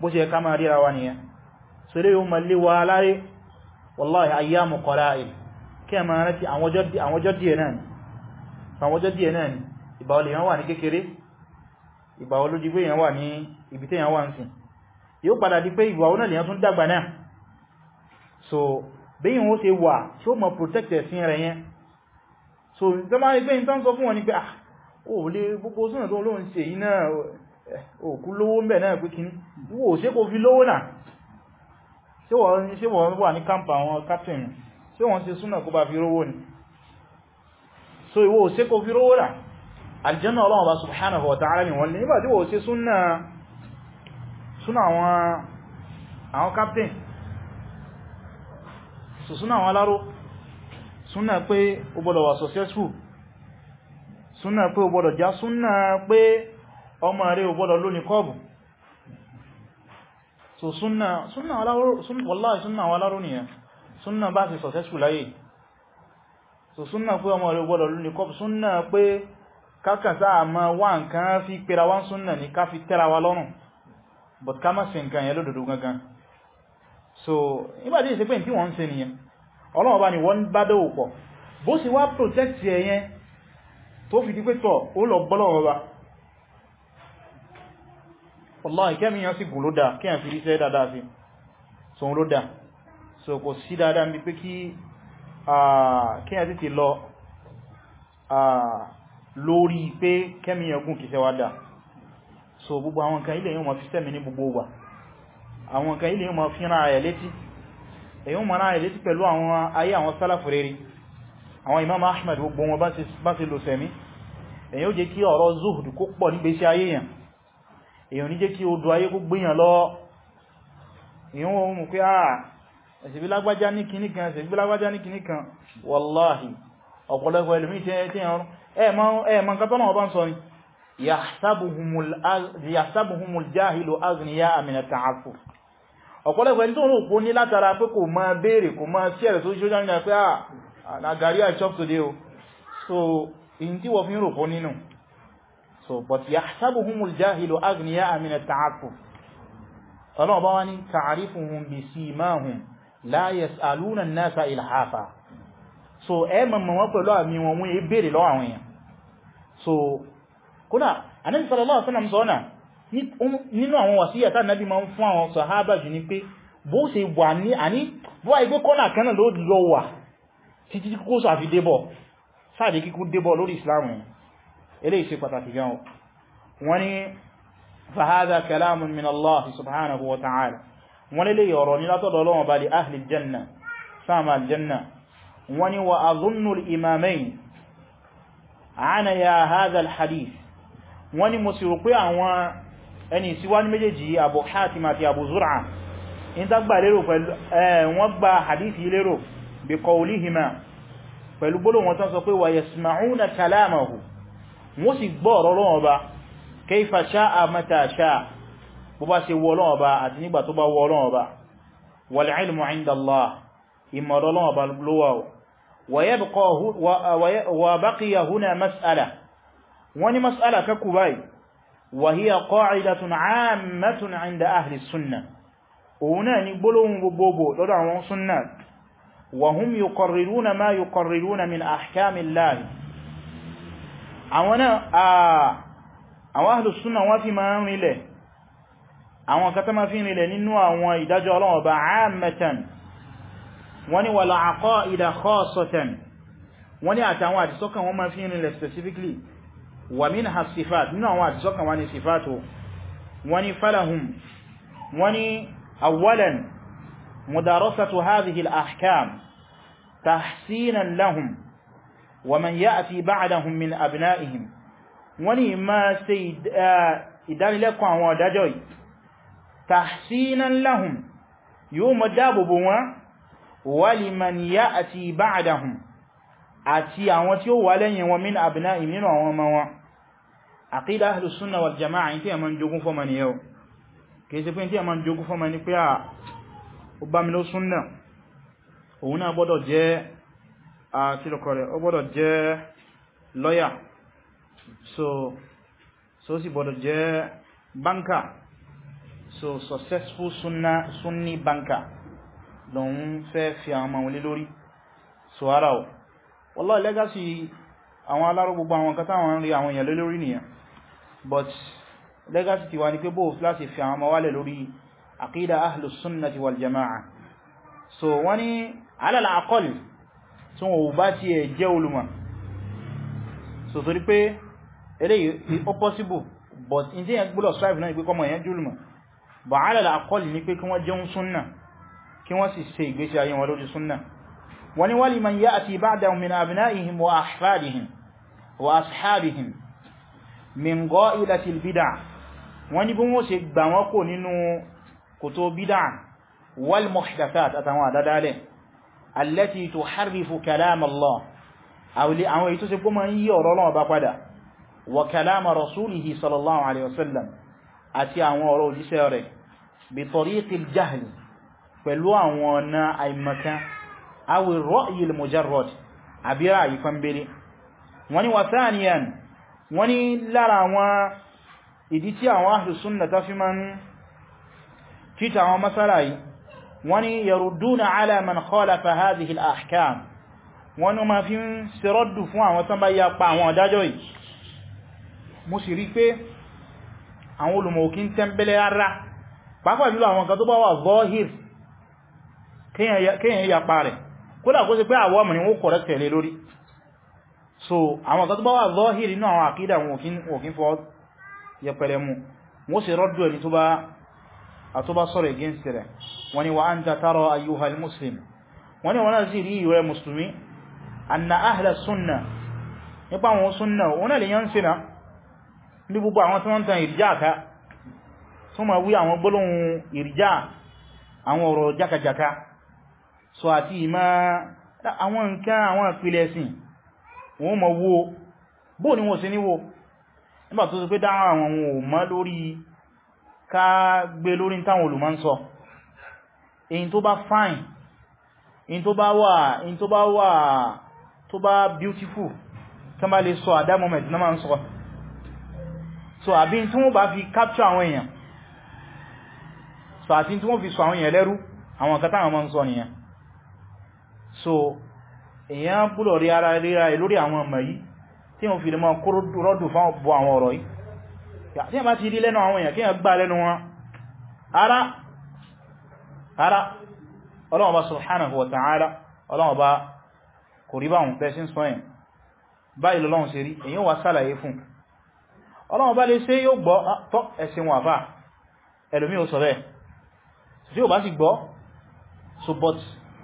bó ṣe ká máa ríra wa nìyàn so lè yóò mọ̀lé wa aláre wallahi ayyámu kọ̀lá ẹ̀ kí àwọn ọjọ́ díẹ̀ náà ni ìbáwọ̀ lèyàn wà ní kékeré ìbáwọ̀ ló di pé èyàn wà ní ibi tí èyàn wà ń sìn yóò padà di pé ìbáwọ̀ náà lèyàn tún dàgbà náà so bí yíò ṣe wà tí ó mọ̀ protect ẹ̀sìn rẹ̀ yẹn so tó máa ní pé in ah o lè gbogbo súnà tó lóun ṣe yìí náà òkú eh, lówó ń bẹ̀ náà so ìwò ṣe fi rówó náà aljanna Ọlọ́run Ọba subhanahu wa ta'ala ni wọ́n ní nígbàtí wọ́n ṣe súnà àwọn captain so súnà àwọn aláró súnà pé o gbọ́dọ̀ wà successful súnà pé o gbọ́dọ̀ já súnà pé ọmọ rẹ̀ o gbọ́dọ̀ lónìí kọ́ọ̀bù so súnà àwọn aláró nìyàn súnà bá ṣe successful láyé so súnà pé ọmọ rẹ̀ o gbọ́dọ̀ lónìí kọ́ọ̀bù súnà pé kákàtà àmà wà nǹkan fi pèrà wá súnnà ní ká fi tẹ́ra wa lọ́rùn but ká má ṣe nǹkan yẹn lódòdó gangan so nígbàtí ìsẹ́ pé tí wọ́n ń ṣe nìyẹn ọlọ́wọ́ bá ní wọ́n bá dẹ́ òpọ̀ bó sì wá protect ẹ̀yẹn tó fi di pé tọ́ ó lọ bọ́lọ́wọ́ bá wallahi kẹ́mìyàn sì gùn ló dáa kí ẹ̀ fi ríṣẹ́ dáadáa sí so ló dáa so kò sí dáadáa ń bí lórí pé kẹ́mi ẹ̀gùn kìí sẹ́wádà so gbogbo àwọn nǹkan ilẹ̀ yóò ma fi sẹ́mi ní gbogbo wà àwọn nǹkan ilẹ̀ yóò ma fi rán ààrẹ létí èyí ma rán ààrẹ létí pẹ̀lú àwọn ayé àwọn sálàfù rere àwọn imam ahmed gbogbo wọn bá ṣe lò sẹ́mi èyí ó jẹ́ kí ọ̀rọ̀ zuhud kó pọ̀ nígbésí ayé yàn èyí ò ní jẹ́ kí odò ayé kó gbéyàn lọ èyí wọn mú pé ah ẹ̀sìbí ní kìníkan ẹ̀sìbí lágbájá ní kìníkan wallahi ọ̀pọ̀lọpọ̀ ẹlùmí tẹ́ ẹ̀mọ̀ nǹkan tọ́nà ọba ń sọ ni yàṣàbùhùmùl jáhìlò azniya àmìnà tààfù ọ̀pọ̀lọpọ̀ ẹni tó rò kó ní látara pé kò máa béèrè kò máa sí ẹ̀rẹ̀ tó ṣíṣọ́ ní pé à ah, so in tí wọ́n so but yàṣàbùhùmùl jáhìlò azniya àmìnà tààfù ọlọ́ọ̀bá wá ní ta'arifuhum bisimahum la yas'aluna an-nasa so ẹ mọ̀mọ̀ wọn pẹ̀lú àmì wọn wọ́n yẹ bèèrè lọ́wọ́ àwọn èèyàn so kódà anábi sallallahu alaihi wasallam sọ́nà um, nínú àwọn wàsíyà tá nábi ma ń fún àwọn sàhábà jù ní pé bó ṣe wà ní àní bó àìgbé kọ́nà kanáà ló lọ wà títí kó sàfi débọ̀ sáàdé kíkú débọ̀ lórí islamu eléyìí ṣe pàtàkì gan wọ́n ní fahadha kalamun min allah subhanahu wa ta'ala wọ́n lè yọ̀rọ̀ ní látọ̀dọ̀ Ọlọ́run bá lè ahli janna sáàmà janna wọ́n ni wa azunnu al-imamayn ana ya hadha al-hadith wọ́n ni mo sì rò pé àwọn ẹni síwá ní méjèèjì Abu Hatim àti Abu Zur'a in ta gba lérò pẹ̀lú wọ́n gba hadithi lérò bi qawlihima pẹ̀lú gbólóhùn wọn tán pé wa yasma'una kalamahu wọ́n sì gbọ́ ọ̀rọ̀ Ọba kayfa sha'a mata sha'a bó bá ṣe wọ́ Ọba àti nígbà tó bá wọ́ Ọba wal ilmu inda Allah ìmọ̀ Ọba lówà ويبقى وبقي هنا مسألة وني مسألة ككباي وهي قاعدة عامة عند أهل السنة هنا نقولهم ببوبو لدعوا سنة وهم يقررون ما يقررون من أحكام الله أولا àwọn ahlùsúnà wọ́n fi máa ń rinlẹ̀ àwọn kátà máa fi rinlẹ̀ nínú àwọn ìdájọ́ Ọlọ́run Ọba àmẹ́tàn wọ́n ní wàlá àkọ́ìdà khassatan wọ́n ní àtàwọn àdìsọ́kàn wọ́n ma fi rinlẹ̀ specifically wà mín ha sifat nínú àwọn àdìsọ́kàn wọ́n ní sifato wọ́n ní falahum wọ́n ní awwalan mudarasatu hadhihi al-ahkam tahsinan lahum wa man ya'ti ba'dahum min abna'ihim wọ́n ní ma ṣe ìdánilẹ́kọ̀ọ́ àwọn ọ̀dájọ́ yìí tahsinan lahum yóò mọ̀ dáàbòbò wọn waliman ya'ti ba'dahum àti àwọn tí ó wà lẹ́yìn wọn min abna'i nínú àwọn ọmọ wọn àkídà ahlus sunna wal jama'a tí a ma ń jogún fọ́mọ ni yau kìí ṣe pé tí a ma ń jogún fọ́mọ ni pé a ó bá mi ló súnnà òun náà gbọ́dọ̀ jẹ́ àkílùkọrẹ̀ ó gbọ́dọ̀ jẹ́ lọ́yà so so gbọ́dọ̀ jẹ́ banka so successful sunni banka lòun fẹ́ fi àwọn ọmọ ilé lórí so ara ọ̀ wallahi legacy àwọn aláró gbogbo àwọn kan táwọn rí àwọn èèyàn lórí nìyàn but legacy ti wà ní pé bóòf láti fi àwọn ọmọ wálẹ̀ lórí aqida ahlus so wọ́n ní ala al-aqal tí wọ́n bá ti ẹ̀ jẹ́ olùmọ̀ so torí pé eléyìí ó possible but in tí yẹn gbọ́dọ̀ strive náà ni pé kọmọ yẹn jùlùmọ̀ but ala kí wọ́n jẹun sunnah kí wọ́n sì ṣe ìgbésí ayé wọn lórí súnnà wọ́n ni wali man ya'ti ba'dahum min abna'ihim wa ahfadihim wa ashabihim min gha'ilati al-bid'ah wọ́n ni bí wọ́n ṣe gbà wọ́n kò nínú kòtò bid'ah wal muhdathat àtàwọn àdádálẹ̀ allati tuharrifu kalam Allah àwọn èyí tó pẹ̀lú àwọn ọ̀nà àìmọ̀kan awi ra'yi al-mujarrad àbí ra'yi pambele wani wa thaniyan wani lára wọn ìdí tí àwọn ahlu sunna ta fi man títà àwọn masala yìí wani yarudduna ala man khalafa hadhihi al-ahkam ma ń sẹ́rọ́dù fún àwọn yìí mo sì rí pé àwọn olùmọ̀ òkín tẹ́m̀bẹ̀lẹ̀ pàápàá jùlọ àwọn kan tó bá wà zọ́hìrì kéèyàn ya rẹ̀ kódà kó sí pé àwọn ọmọ ni kọ̀rẹ́ tẹ̀lé lórí so àwọn tó bá wà zọ́hìrì inú àwọn àkídà òkín fọ́ yẹpẹrẹ mú wọ́n sì rọ́dù ẹni tó bá sọ́rọ̀ wọ́n ni wa anta tara ayyuhal muslim wọ́n ni wọ́n náà sì àwọn ọ̀rọ̀ jákàjáká so àti ìmá àwọn nǹkan àwọn ìpìlẹ̀ ẹ̀sìn wọ́n mọ̀ wo bóò ni wọ́n ṣe níwò nígbà tó sọ pé dáhà àwọn ohun ò mọ́ lórí ká gbé lórí táwọn olùmọ̀ ń sọ èyí tó bá fine èyí tó bá wà èyí tó bá wà tó bá beautiful tó bá lè sọ àdá moment náà máa ń sọ so àbí tí wọ́n bá fi capture àwọn èèyàn so àti tí wọ́n fi sọ àwọn èèyàn lẹ́rú àwọn kátà àwọn máa ń sọ nìyàn so èyàn búlọ̀ rí ara ríra ẹ̀ lórí àwọn ọmọ yìí tí wọ́n fi lè mọ́ kó rọ́dù fáwọn bọ àwọn ọ̀rọ̀ yìí tí a bá ti rí lẹ́nu àwọn èèyàn kí a gbà lẹ́nu wọn ara ara Ọlọ́hun Ọba subhanahu wa ta'ala Ọlọ́hun Ọba kò rí báwọn pẹ́sí sọ́yìn báyìí lọ́lọ́run ṣe rí èyàn wà sálàyé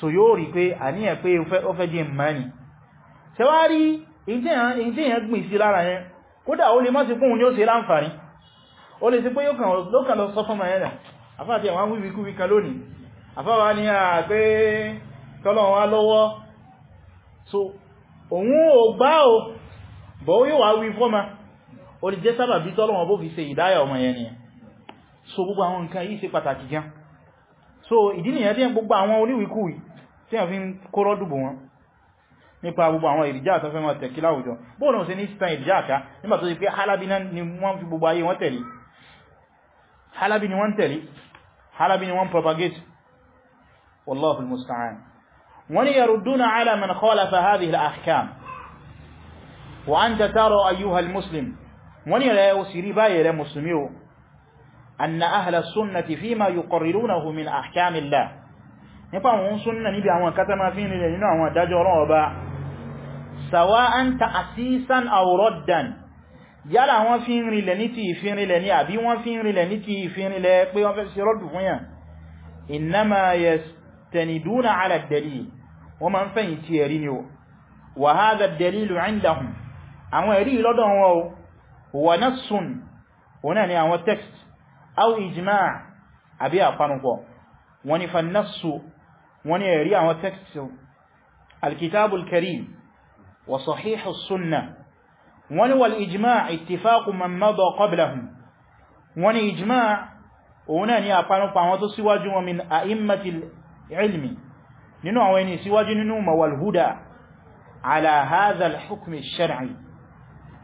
so yóò rí pé àníyàn pé ó fẹ́ jẹ́ mẹ́ni ṣe wá rí ìdíyàn gbìn sí lára yẹn kódà ó lè má sí fún òun yóò ṣe láǹfààní ó lè sí pé lókàn lọ sọ fún mayẹ́nà àfáàtí àwọn wíwíkúwí kan lónìí àfáwà ní à pé tọ́lọ̀n wá lọ́wọ́ so òun ò gbá o bọ̀ ó yóò wá wí fọ́mà ó lè jẹ́ sábàbí tọ́lọ̀n bó fi ṣe ìdáyà ọmọ yẹn ni so gbogbo àwọn nǹkan yìí ṣe pàtàkì gan so ìdí nìyẹn tí ẹ gbogbo àwọn oníwìkúwì tí ẹ fi ń kóró dùbò wọn nípa gbogbo àwọn ìrìjá àtọ́fẹ́ wọn tẹ̀kí láwùjọ bóòlù sí ní stan ìrìjá àká nígbà tó ti pé halabi ni wọ́n fi gbogbo ayé wọ́n tẹ̀lé halabi ni wọ́n tẹ̀lé halabi ni wọ́n propagate wallahu al-musta'an wani yarudduna ala man khalafa hadhihi al wa anta tara ayyuha al-muslim wani ya yau أن أهل السنة فيما يقررونه من أحكام الله nípa àwọn súnnà níbi àwọn kátà máa fi nílẹ̀ nínú àwọn àdájọ́ ọ̀rọ̀ ọba sawa'an ta'asisan aw raddan yálà wọ́n fi nílẹ̀ ní ti ìfinilẹ̀ ní àbí wọ́n fi nílẹ̀ ní ti ìfinilẹ̀ pé wọ́n fẹ́ sí rọ́dù fún yàn innama yastaniduna 'ala ad-dalil wọ́n máa ń fẹ̀yìn ti ẹ̀rí ni wa hadha ad-dalilu 'indahum àwọn ẹ̀rí lọ́dọ̀ wọn wa nassun wọn ni àwọn text aw ijma' àbí àpanupọ̀ wọ́n ní fannasu wọ́n ní ẹ̀rí àwọn text alkitabul karim wa sahihu sunna wọ́n ní wal ijma' ittifaqu man madha qablahum wọ́n ní ijma' òun náà ni àpanupọ̀ àwọn tó síwájú wọn min a'immatil ilmi nínú àwọn ẹni síwájú nínú mawal huda ala hadha al-hukm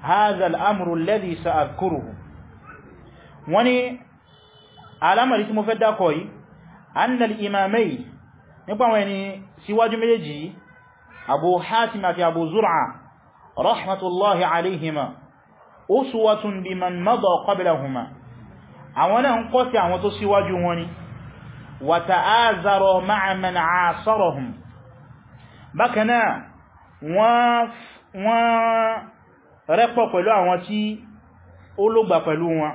hadha al alladhi sa'adhkuruhu wọ́n alámàrí tí mo fẹ́ dákọ̀ yìí annal imamai nípa wọn ni síwájú méjèèjì abu hatim àti abu zur'a rahmatullahi alaihima uswatun liman mada qablahuma àwọn náà ń kọ́ sí àwọn tó síwájú wọn ni wa ta'azaro ma'a man 'asarahum bákan náà wọ́n rẹ́pọ̀ pẹ̀lú àwọn tí ó lógbà pẹ̀lú wọn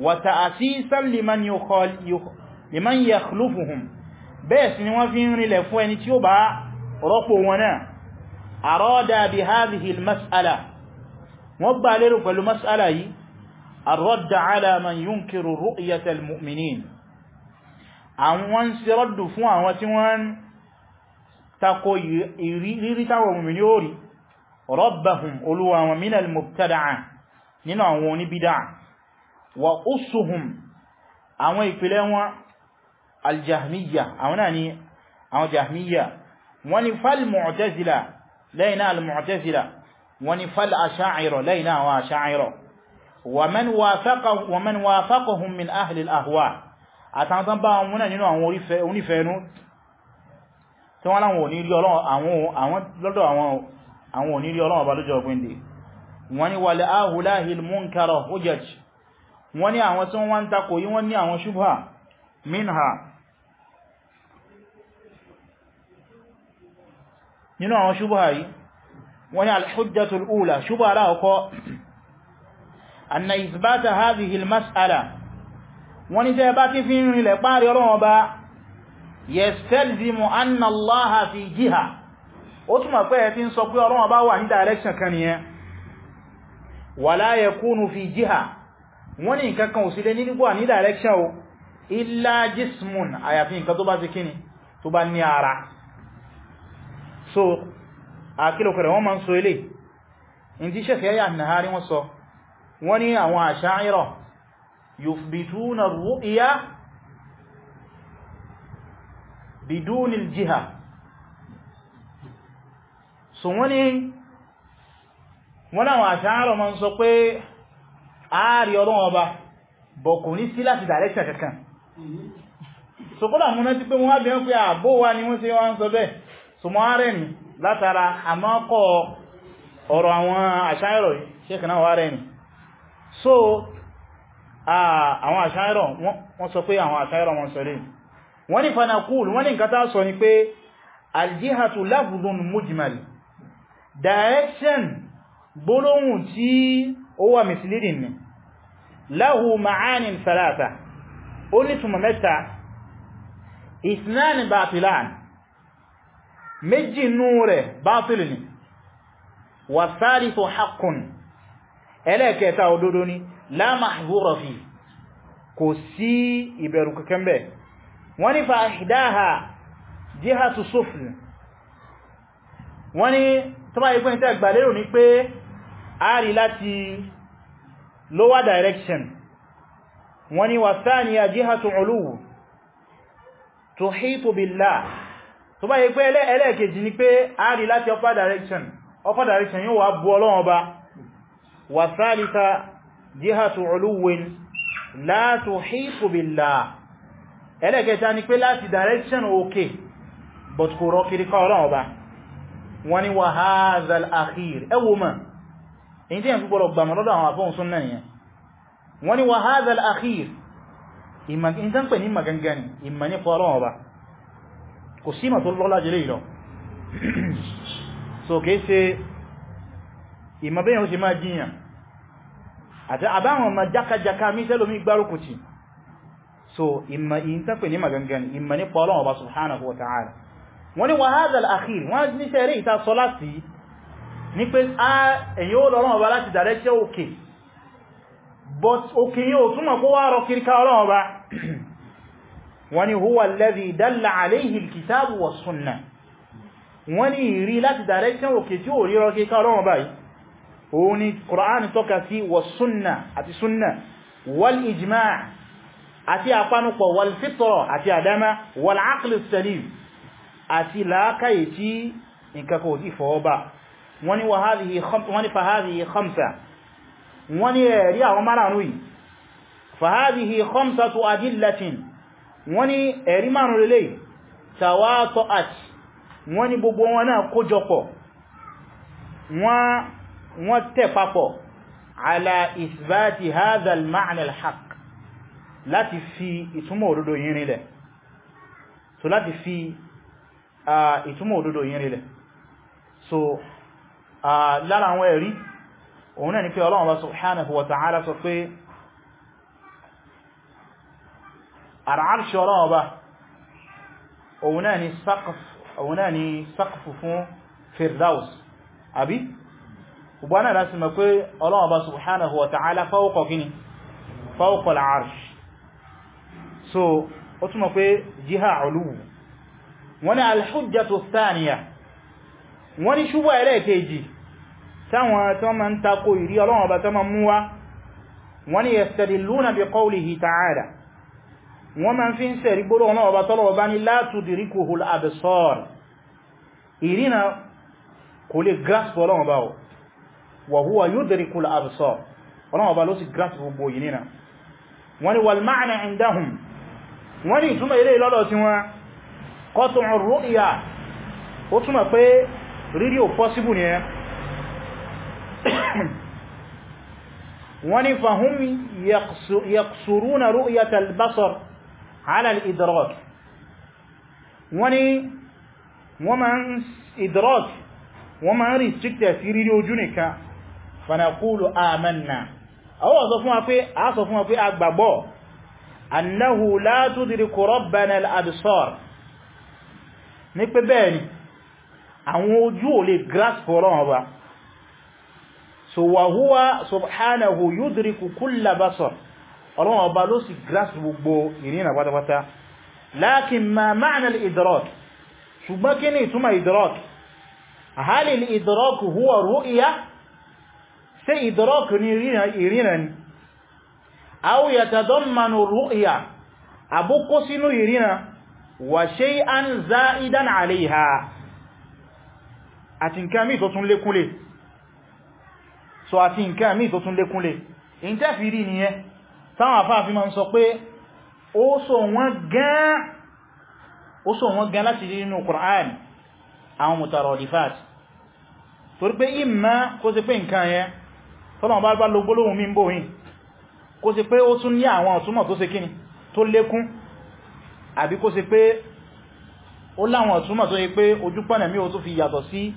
وتأسيسا لمن يخال لمن يخلفهم بس ni wọ́n fi ń rinlẹ̀ fún ẹni tí ó bá rọ́pò wọn náà àrọ́dà bí hábihì mas'ala wọ́n gbà lérò pẹ̀lú mas'ala yìí àrọ́dà alaman yunkiru ru'yatal mu'minin àwọn sí rọ́dù fún àwọn wa usuhum àwọn ìpìlẹ̀ wọn aljahmiya àwọn náà ni àwọn jahmiya wọ́n ni fal mu'tazila lẹ́yìn al mu'tazila wọ́n ni fal asha'ira lẹ́yìn àwọn asha'ira wa man wafaqahum min ahli al-ahwa àtàwọn tán bá wọn nínú àwọn onífẹ́ẹ̀nú tí wọ́n láwọn onírí ọlọ́run àwọn ni wà láàhùláhìl múnkàrọ̀ hujjaj wọ́n ní àwọn tí wọ́n ń takò yí wọ́n ní àwọn ṣubha minha nínú àwọn ṣubha yìí wọ́n ní al-hujjatul ula ṣubha aláwọ̀kọ́ anna isbata hadhihi al-mas'ala wọ́n ní tẹ́ bá ti fi ń rinlẹ̀ párí ọlọ́wọ́ bá yastalzimu anna allaha fi jiha ó túnmọ̀ pé ẹ̀ ti ń sọ pé ọlọ́wọ́ bá wà ní direction kan nìyẹn wala yakunu fi jiha wọ́n ní nǹkan kan ò sí lé nígbò ní direction o illa jismun àyàfi nǹkan tó bá ti kíni tó bá ní ara so àkílòkẹ̀rẹ̀ wọ́n ma ń so ilé in ti ṣẹ̀fẹ́ yà nàhárí wọ́n sọ wọ́n ní àwọn àṣáyírọ̀ yufbituna ar ààrí ọlọ́wọ́n ọba bọ̀ kò ní sí láti direction kankan so kọ́lá múná ti pé wọ́n ábẹ̀ ń pé àbó ah, wa ni wọ́n ṣe wá ń sọ bẹ́ẹ̀ so mọ́ ààrẹ ni látara àmọ́kọ̀ ọ̀rọ̀ àwọn àṣáyẹ̀rọ̀ ṣẹ́kànnà so àwọn àṣáyẹ̀rọ̀ wọ́n sọ pé àwọn àṣáyẹ̀rọ̀ wọn sọ lè wọ́n ní fanakul wọ́n ní direction gbólóhùn tí ó wà misleading ni له معان ثلاثة قلت ممتع اثنان باطلان مجي نور باطلني والثالث حق إليك يتعودوني لا محظور فيه كسي إبروك كمبه ونفى إحداها جهة صفن وني تبا يكون تأكباليرو نكبه آري لاتي lower direction wọ́n ni wà thaniya jihatu uluwu tuhitu billah tó bá yẹ pé ẹlẹ́ẹ̀kejì ni pé a rí láti upper direction upper direction yóò wà bú ọlọ́wọ́ bá wà thalitha jihatu uluwin la tuhitu billah ẹlẹ́ẹ̀kẹta ni pé láti direction òkè but kò rọ kiri ká ọlọ́wọ́ bá wọ́n ni wà hadha al èyí tí yàn fi gbọ́rọ̀ gbàmọ̀ lọ́dọ̀ àwọn àfọ́hùn súnnà yẹn wọ́n ni wa hadha al-akhir ìtàn pẹ̀ ní magangani ìmà ní fọ́lọ́wọ́ ọba kò símà tó lọ́lá jẹ́lẹ̀ ìlọ so kìí ṣe ìmà bẹ́yàn ó ṣe máa jíyàn àti àbáwọn ọmọ jákàjáká mí tẹ́lómi gbárùkùtì so ìmà ìtàn pẹ̀ ní magangani ìmà ní fọ́lọ́wọ́ ọba subhanahu wa ta'ala wọ́n ni wa hadha al wọ́n ní sẹ́rẹ̀ ìta sọ láti ní pé ẹ̀yìn ó lọ́rọ̀ ọba láti dàrẹ́kẹ́ òkè but òkè yíò túnmọ̀ kó wá rọ kíríká ọlọ́rọ̀ ọba wọ́n ni huwa alladhi dalla alayhi alkitabu wa sunna wọ́n ni ìrí láti dàrẹ́kẹ́ òkè tí ó rí rọ kíríká ọlọ́rọ̀ ọba yìí òun ni Qur'an nǹkan kò tí fọwọ́ bá wọ́n ní fàhádìí khamsa wọ́n ní ẹ̀rí àwọn márùn-ún yìí fàhádìí khamsa tó adillatin wọ́n ní ẹ̀rí márùn-ún lè tàwátọ́ àti wọ́n ní gbogbo wọn náà kójọpọ̀ wọ́n tẹ̀ papọ̀ ala isbati hadha al-ma'na al fi ìtumọ̀ òdodo yìí rinlẹ̀ so láti fi ah, ìtumọ̀ òdodo yìí rinlẹ̀ so lára àwọn ẹ̀rí òun náà ni pé Ọlọ́run Ọba subhanahu wa ta'ala sọ pé àràárṣì Ọlọ́run Ọba òun náà ni sákàfù fún firdaus àbí ọgbọ́nà láti mọ̀ pé Ọlọ́run Ọba subhanahu wa ta'ala fawqa gini fawqa al so ó túnmọ̀ pé jíhà olúwù wọ́n ni wọ́n ní ṣúgbà ẹlẹ́ẹ̀kejì táwọn tó ma ń takò ìrí ọlọ́wọ̀n ọba tó ma mú wá wọ́n ní yastadilluna bi qawlihi ta'ala wọ́n ma fi ń sẹ̀rí gbọ́rọ̀ ọlọ́wọ̀n ọba tọ́lọ̀ ọba ní la tudrikuhul absar ìrìnà kò lè grasp ọlọ́wọ̀n ọba wa wọ́n ní ìtumọ̀ ilé ìlọ́lọ́ tí wọ́n qat'u ar ó túnmọ̀ pé rírí ò pọ́síbù ní ẹ wọ́n ni fahim yaqsuruna ru'yat al-basar ala al-idrak wọ́n ni wọ́n ma ń idrak wọ́n ma ń restrict sí rírí ojú nìkan fanaqulu amanna àwọn ọ̀sọ̀ fún wa a sọ fún wa pé annahu la tudriku rabbana al-absar ní bẹ́ẹ̀ ni àwọn ojú ò lè grasp ọlọ́run ọba so wa huwa subhanahu yudriku kulla basar ọlọ́run ọba ló sì grasp gbogbo ìrìnà pátápátá lakin ma ma'na al-idrak ṣùgbọ́n kí ni ìtumọ̀ idrak hal al-idrak huwa ru'ya ṣé idrak ni ìrìnà ni aw yatadammanu ru'ya àbúkó sínú ìrìnà wa shay'an za'idan 'alayha àti nǹkan mí tó tún lékúnlé so àti nǹkan mí tó tún lékúnlé in tẹ́ fi rí nìyẹn táwọn àfáàfí ma ń sọ pé ó sọ wọ́n gan láti rí nínú Qur'an àwọn mutaradifat torí pé ìmá kó ṣe pé nǹkan yẹn tọ́lọ̀wọ́n bá bá lo gbólóhùn mí ń bò yìn kó ṣe pé ó tún ní àwọn ọ̀túnmọ̀ tó ṣe kíni tó lékún àbí kó ṣe pé ó láwọn ọ̀túnmọ̀ tó yẹ pé ojúpọ̀nà mí ó tó fi yàtọ̀ sí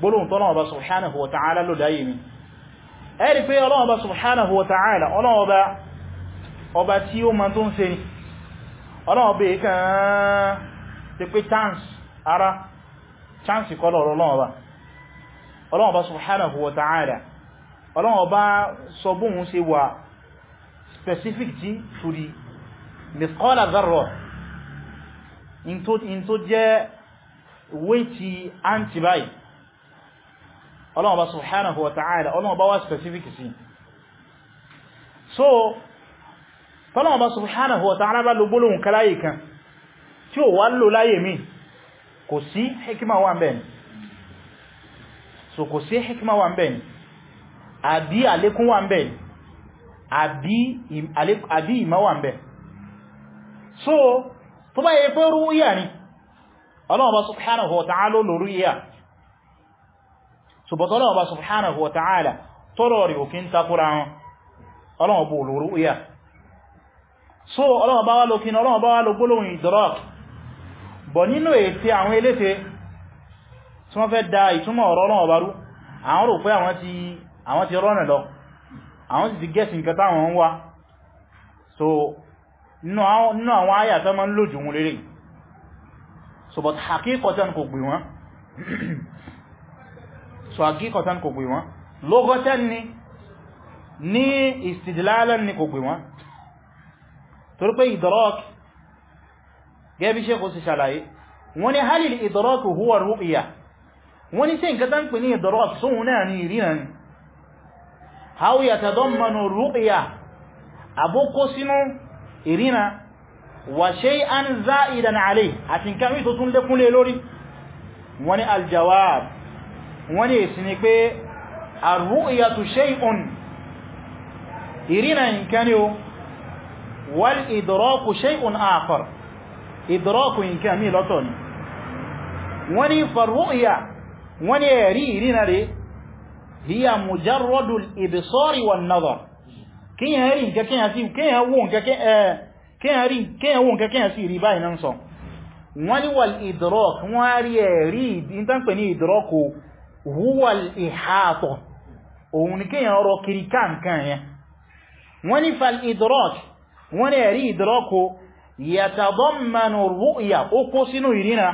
gbólóhùn tó Ọlọ́run Ọba subhanahu wa ta'ala ló dáyé mi ẹ rí pé Ọlọ́run Ọba subhanahu wa ta'ala Ọlọ́run Ọba ọba tí ó ma tó ń ṣe ni Ọlọ́run Ọba ìkan ti pé chance ara chance kọ́ lọ́rọ̀ Ọlọ́run Ọba Ọlọ́run Ọba subhanahu ọlọ́wọ́ bá subhanahu wa ta'ala ọlọ́wọ́ bá wá specific sí so tọ́lọ́wọ́ bá subhanahu wa ta'ala bá lo gbólóhùn kaláyé kan tí ó wá lò láyé mi kò sí hikima wà bẹ́ẹ̀ so kò sí hikima wà bẹ́ẹ̀ àbí àlékún wà bẹ́ẹ̀ àbí ìmá wà bẹ́ẹ̀ so tó bá yẹ pé rúúyà ni ọlọ́wọ́ bá subhanahu wa ta'ala lò rúúyà so but Ọlọ́run Ọba subhanahu wa ta'ala tọ́rọ rẹ̀ òkín takura wọn Ọlọ́run bó lórí òyà so Ọlọ́run bá wá lókín Ọlọ́run bá wá ló gbólóhùn ìdọ́rọ̀ bọ̀ nínú ètè àwọn eléfẹ́ tí wọ́n fẹ́ da ìtumọ̀ ọ̀rọ̀ Ọlọ́run Ọba rú àwọn rò pé àwọn ti rọ́nà lọ àwọn so hakikatan kò pè wọ́n lugatan ni ní istidlalan ni kò pè wọ́n torí pé idrak gẹ́bí ṣe kò sì ṣàlàyé wọ́n ni halil idrak huwa ru'ya wọ́n ni sí nǹkan tán pè ní idrak sóhun náà ní ìrìnà ni how yatadammanu ru'ya àbókó sínú ìrìnà wa aljawab wọ́n ní èsì ni pé ar-ru'yatu shay'un ìrìnà nǹkan ni o wal idraku shay'un akhar idraku nǹkan mi lọ́tọ̀ ni wọ́n ní far-ru'ya wọ́n ní ẹ̀rí ìrìnà rẹ̀ hiya mujarradu al-ibsar wan-nazar kíyàn rí nǹkan kíyàn sí kíyàn wò náà huwal ìhàtọ̀ òun ni kíyàn rọ kiri káàkàn yẹn wọ́n ni fal idrọ́k wọ́n ni ẹ̀rí idrọ́kò yàtàdọ́mmanù rú'yà ó kó sínú ìrìnà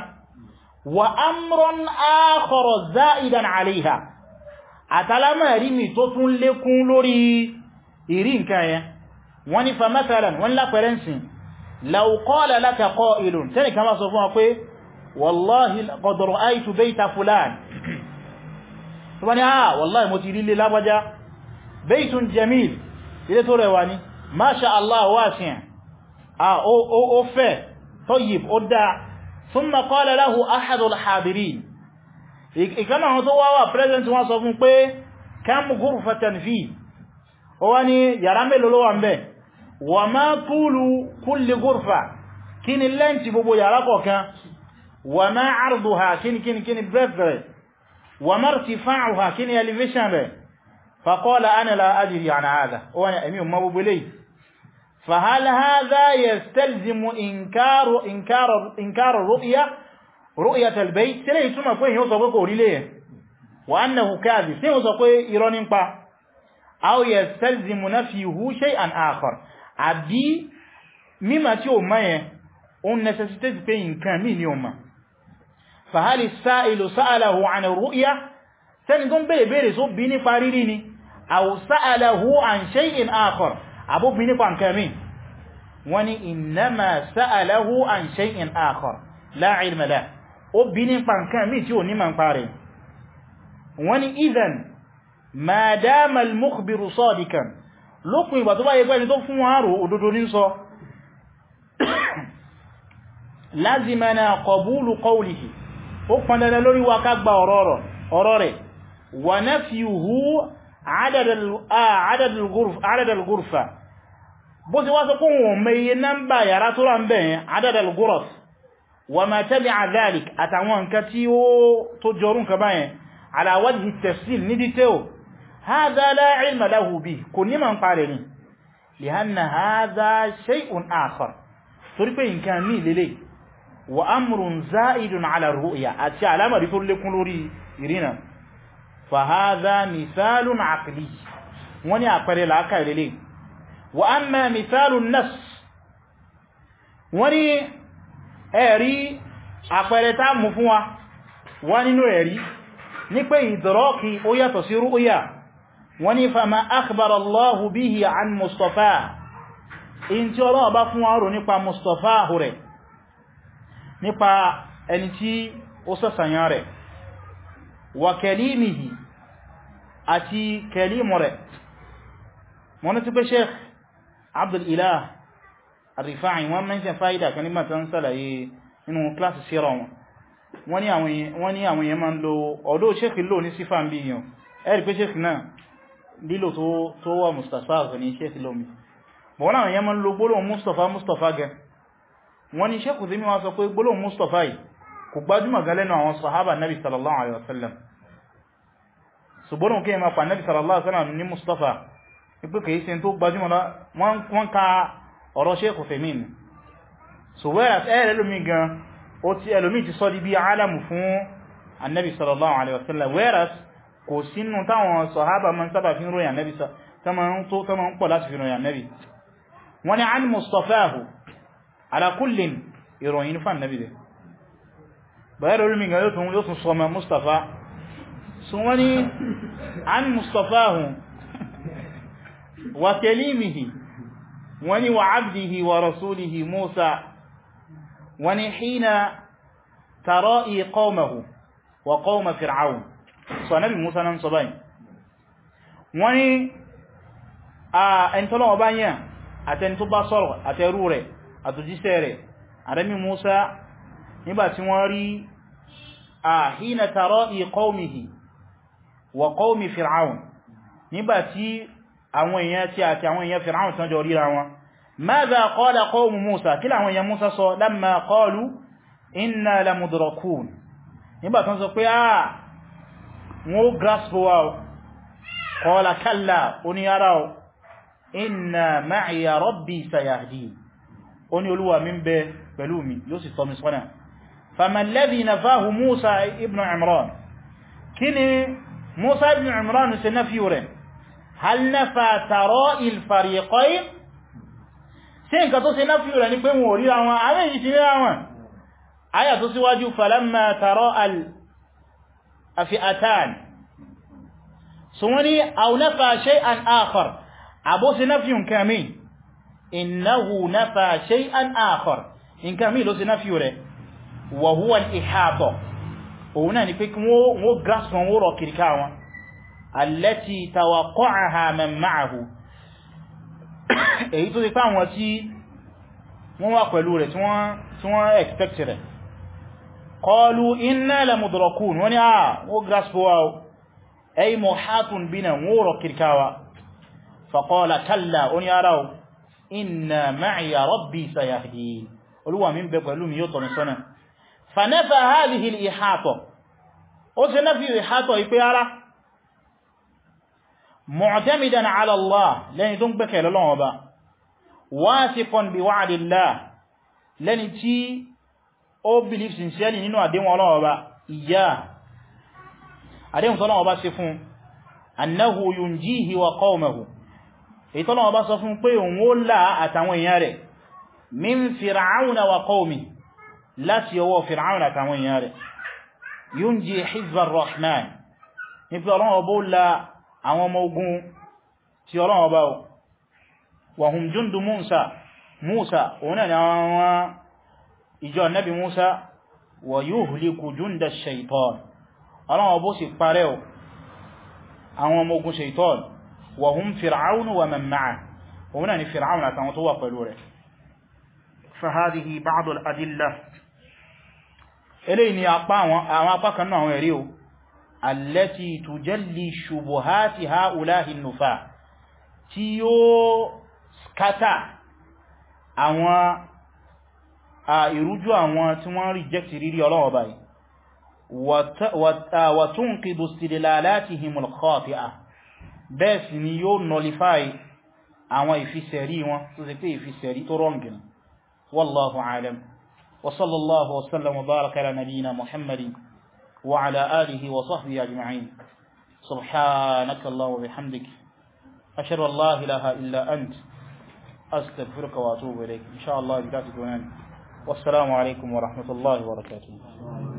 wa amron ákọrọ̀ za'idan àríhà àtàlámàrí mi tó tún lékún lórí ìrí nǹkan yẹn wọ́n ni fa matalan wọ́n lápẹrẹnsìn laukọ́lá látàkọ́ tó bá ní àà ah, wallahi mo ti rí ilé lágbàjá baytun jamil ilé tó rẹwà ní masha Allah wasi'an à ó fẹ́ tayyib ó dá thumma qala lahu ahadul hadirin ìkánà àwọn tó wáwà present wọ́n sọ fún pé kam ghurfatan fi ó wá ní yàrá mélòó ló wà ń bẹ̀ wa ma tulu kulli ghurfa kí ni وما ارتفاعها كن elevation فقال انا لا ادري عن هذا وانا امي ما بلي فهل هذا يستلزم انكار انكار انكار الرؤيه رؤيه البيت سلي تما كو يان سو وانه كاذب سي سو كو ايرون نبا او يستلزم نفيه شيئا اخر ابي مما تي او اون necessitate pé nǹkan mi ni o ma fàhálì sáàìlò sáàlàhù àni rú'íyá sẹ́ni tó ń bèèrè bèèrè só bí nípa rírí ni àwò sáàlàhù àn ṣe'in akọr àbó bí nípa nkẹrin wọ́n ni ìnàmà sáàlàhù àn ṣe'in akọr láàrínmẹ̀lá ó bí nípa nkẹrin tí ó níma ń parí wọ́n ni idan ma dámal mukbiru sọ́dikan lókun ìgbà ó pọn dandan lórí wa ká gba ọ̀rọ̀ rẹ̀ wa nafyuhu adadal gurfa bó ti wá sọ kún wọn mẹ́yẹ nọ́mbà yàrá tó rán bẹ̀yẹn adadal gurf wa ma tabi'a dhalik àtàwọn nǹkan tí ó tó jọrún ka báyẹn ala wajhi tafsil ní dítẹ́ò hadha la ilma lahu kò ní ma parẹ̀ ni lihanna hadha shay'un akhar torí pé nǹkan mí lélẹ́yìí wa amrun za'idun ala ru'ya àti alamari tó lékún lórí ìrìnà fa hadha mithalun aqli wọ́n ní àpẹẹrẹ làákà ìrẹ̀lẹ̀ wa amma mithalun nas wọ́n ní ẹ̀rí àpẹẹrẹ tá mú fún wa wá nínú ẹ̀rí ní pé ìdọ̀rọ́kì ó yàtọ̀ sí ru'ya wọ́n fa ma akhbara Allahu bihi an Mustafa in tí ọlọ́ọ̀bá fún wa rò nípa Mustafa rẹ̀ nípa ẹni tí ó sọ́sànyà rẹ̀ wà kẹlímìhì àti kẹlímù rẹ̀ mọ́nà tí pé sheikh abdullila àrífàáyí wọ́n mẹ́sẹ̀ fáìdà kan nígbà tán sàlàyé nínú kílásì síra wọn wọ́n ni àwọn yẹn máa ń lo ọ̀dọ́ sheikh lò ní sífà ń bí yàn ẹ̀rì pé sheikh náà lílò tó wà mustapha ní sheikh lò mi bọ̀wọ́n àwọn yẹn máa ń lo gbólóhùn mustapha mustapha gan wọ́n ni sẹ́kù sí mímọ̀ sọ pé gbólóhùn mustapha yìí kò gbájúmọ̀ gan lẹ́nu àwọn sahaba nabi sallallahu alaihi wasallam ṣùgbọ́n kí ma pa nabi sallallahu alaihi wasallam ní mustapha ipé kìí sin tó gbájúmọ̀ wọ́n ka ọ̀rọ̀ sẹ́kù sí mímọ̀ so whereas ẹ̀rẹ́ lómi gan ó ti ẹlòmí ti sọ́ di bí alamu fún annabi sallallahu alaihi wasallam whereas kò sínú táwọn sahaba man sábà fi ń ròyìn annabi tó tọ́mọ̀ ń pọ̀ láti fi ròyìn annabi wọ́n ni an mustapha ala kullin ìròyìn fún annabi dẹ̀ bayar olùmí ga yóò tún yóò tún sọmọ mustapha sun wani an mustapha hun wa kalimihi wani wa abdihi wa rasulihi musa wani hina tara'i qawmahu wa qawma fir'aun so annabi musa nan so bayin wani a ẹni tọ́lọ́wọ́ báyẹn àtẹni tó bá sọ̀rọ̀ àtẹrú rẹ̀ àtòjíṣẹ́ rẹ̀ àrẹ́mí Musa nígbàtí wọ́n rí àhínà tàrọ ìkọ́mìhì wà kọ́mì fir'aun nígbàtí àwọn èèyàn tí àti àwọn èèyàn fir'aun tán jọ ríra wọn mẹ́bà qala qawmu Musa kí láwọn èèyàn Musa sọ lamma qalu inna lamudrakun nígbàtán sọ pé ah wọ́n grasp wa qala kalla oníyàrá inna ma'iya rabbi sayahdin ó ní olúwa mi ń bẹ pẹ̀lú mi yóò sì tọ́ mi sọ́nà famalladhi nafahu musa ibn imran kí ni musa ibn imran ṣe na fi rẹ̀ hal nafa tara'il fariqayn ṣe nǹkan tó ṣe na fi rẹ̀ ni pé wọn ò ríra wọn àwọn èyí ti ríra aya tó síwájú falamma tara'al afi'atan so wani aw nafa shay'an akhar abo ṣe na fi nǹkan mìí innahu nafa shay'an akhar nǹkan mi ló ṣe nafi rẹ̀ wa huwa al-ihata òun náà ni pé wọ́n grasp wọn wọ́rọ̀ kìríká wọn allati tawaqqa'aha man ma'ahu èyí tó ti pá wọn tí wọ́n wà pẹ̀lú rẹ̀ tí wọ́n expect rẹ̀ qalu inna lamudrakun wọ́n ni a wọ́n grasp wọ́n ay muhatun bina wọ́rọ̀ kìríká wa faqala kalla wọ́n ni inna ma'iya rabbi sayahdi olúwa mi ń bẹ pẹ̀lú mi yóò tọ́ mi sọ́nà fanafa hadhihi al-ihata ó ṣe nafi ihata ipe ara mu'tamidan ala Allah lẹ́ni tó ń gbẹ́kẹ̀ lọ́lọ́wọ́ ba wasiqan bi wa'dillah lẹ́ni tí ó believe èyí tọ́lọ́wọ́ bá sọ fún pé òun ó là àtàwọn èèyàn rẹ̀ min fir'auna wa qawmi láti ọwọ́ fir'auna àtàwọn èèyàn rẹ̀ yunji hizbar rahman ní pé ọlọ́wọ́ bó la àwọn ọmọ ogun tí ọlọ́wọ́ bá wa hum jundu musa musa òun وهم فرعون ومن معه وهنا يعني فرعون أتمطوا قلوله فهذه بعض الأدلة إليني أباكنا ويريو التي تجلي شبهات هؤلاء النفاة تيو سكتا أوان ìrújú àwọn tí wọ́n reject rírí ọlọ́wọ́ báyìí wàtún kìdù sílẹ̀ bẹ́ẹ̀ sì ni yóò nọlifáì àwọn ìfisẹ̀rí wọn tó sì pé ìfisẹ̀rí tó rọ́ǹgìn wọ́lọ́hù ààrẹ wa sallallahu wa sallam wa baraka ala nabiyyina muhammadin wa ala alihi wa sahbihi ajma'in subhanaka allahumma wa bihamdik ashhadu an la ilaha illa ant astaghfiruka wa atubu ilayk insha allah bi dhati dunan wassalamu alaikum wa rahmatullahi wa barakatuh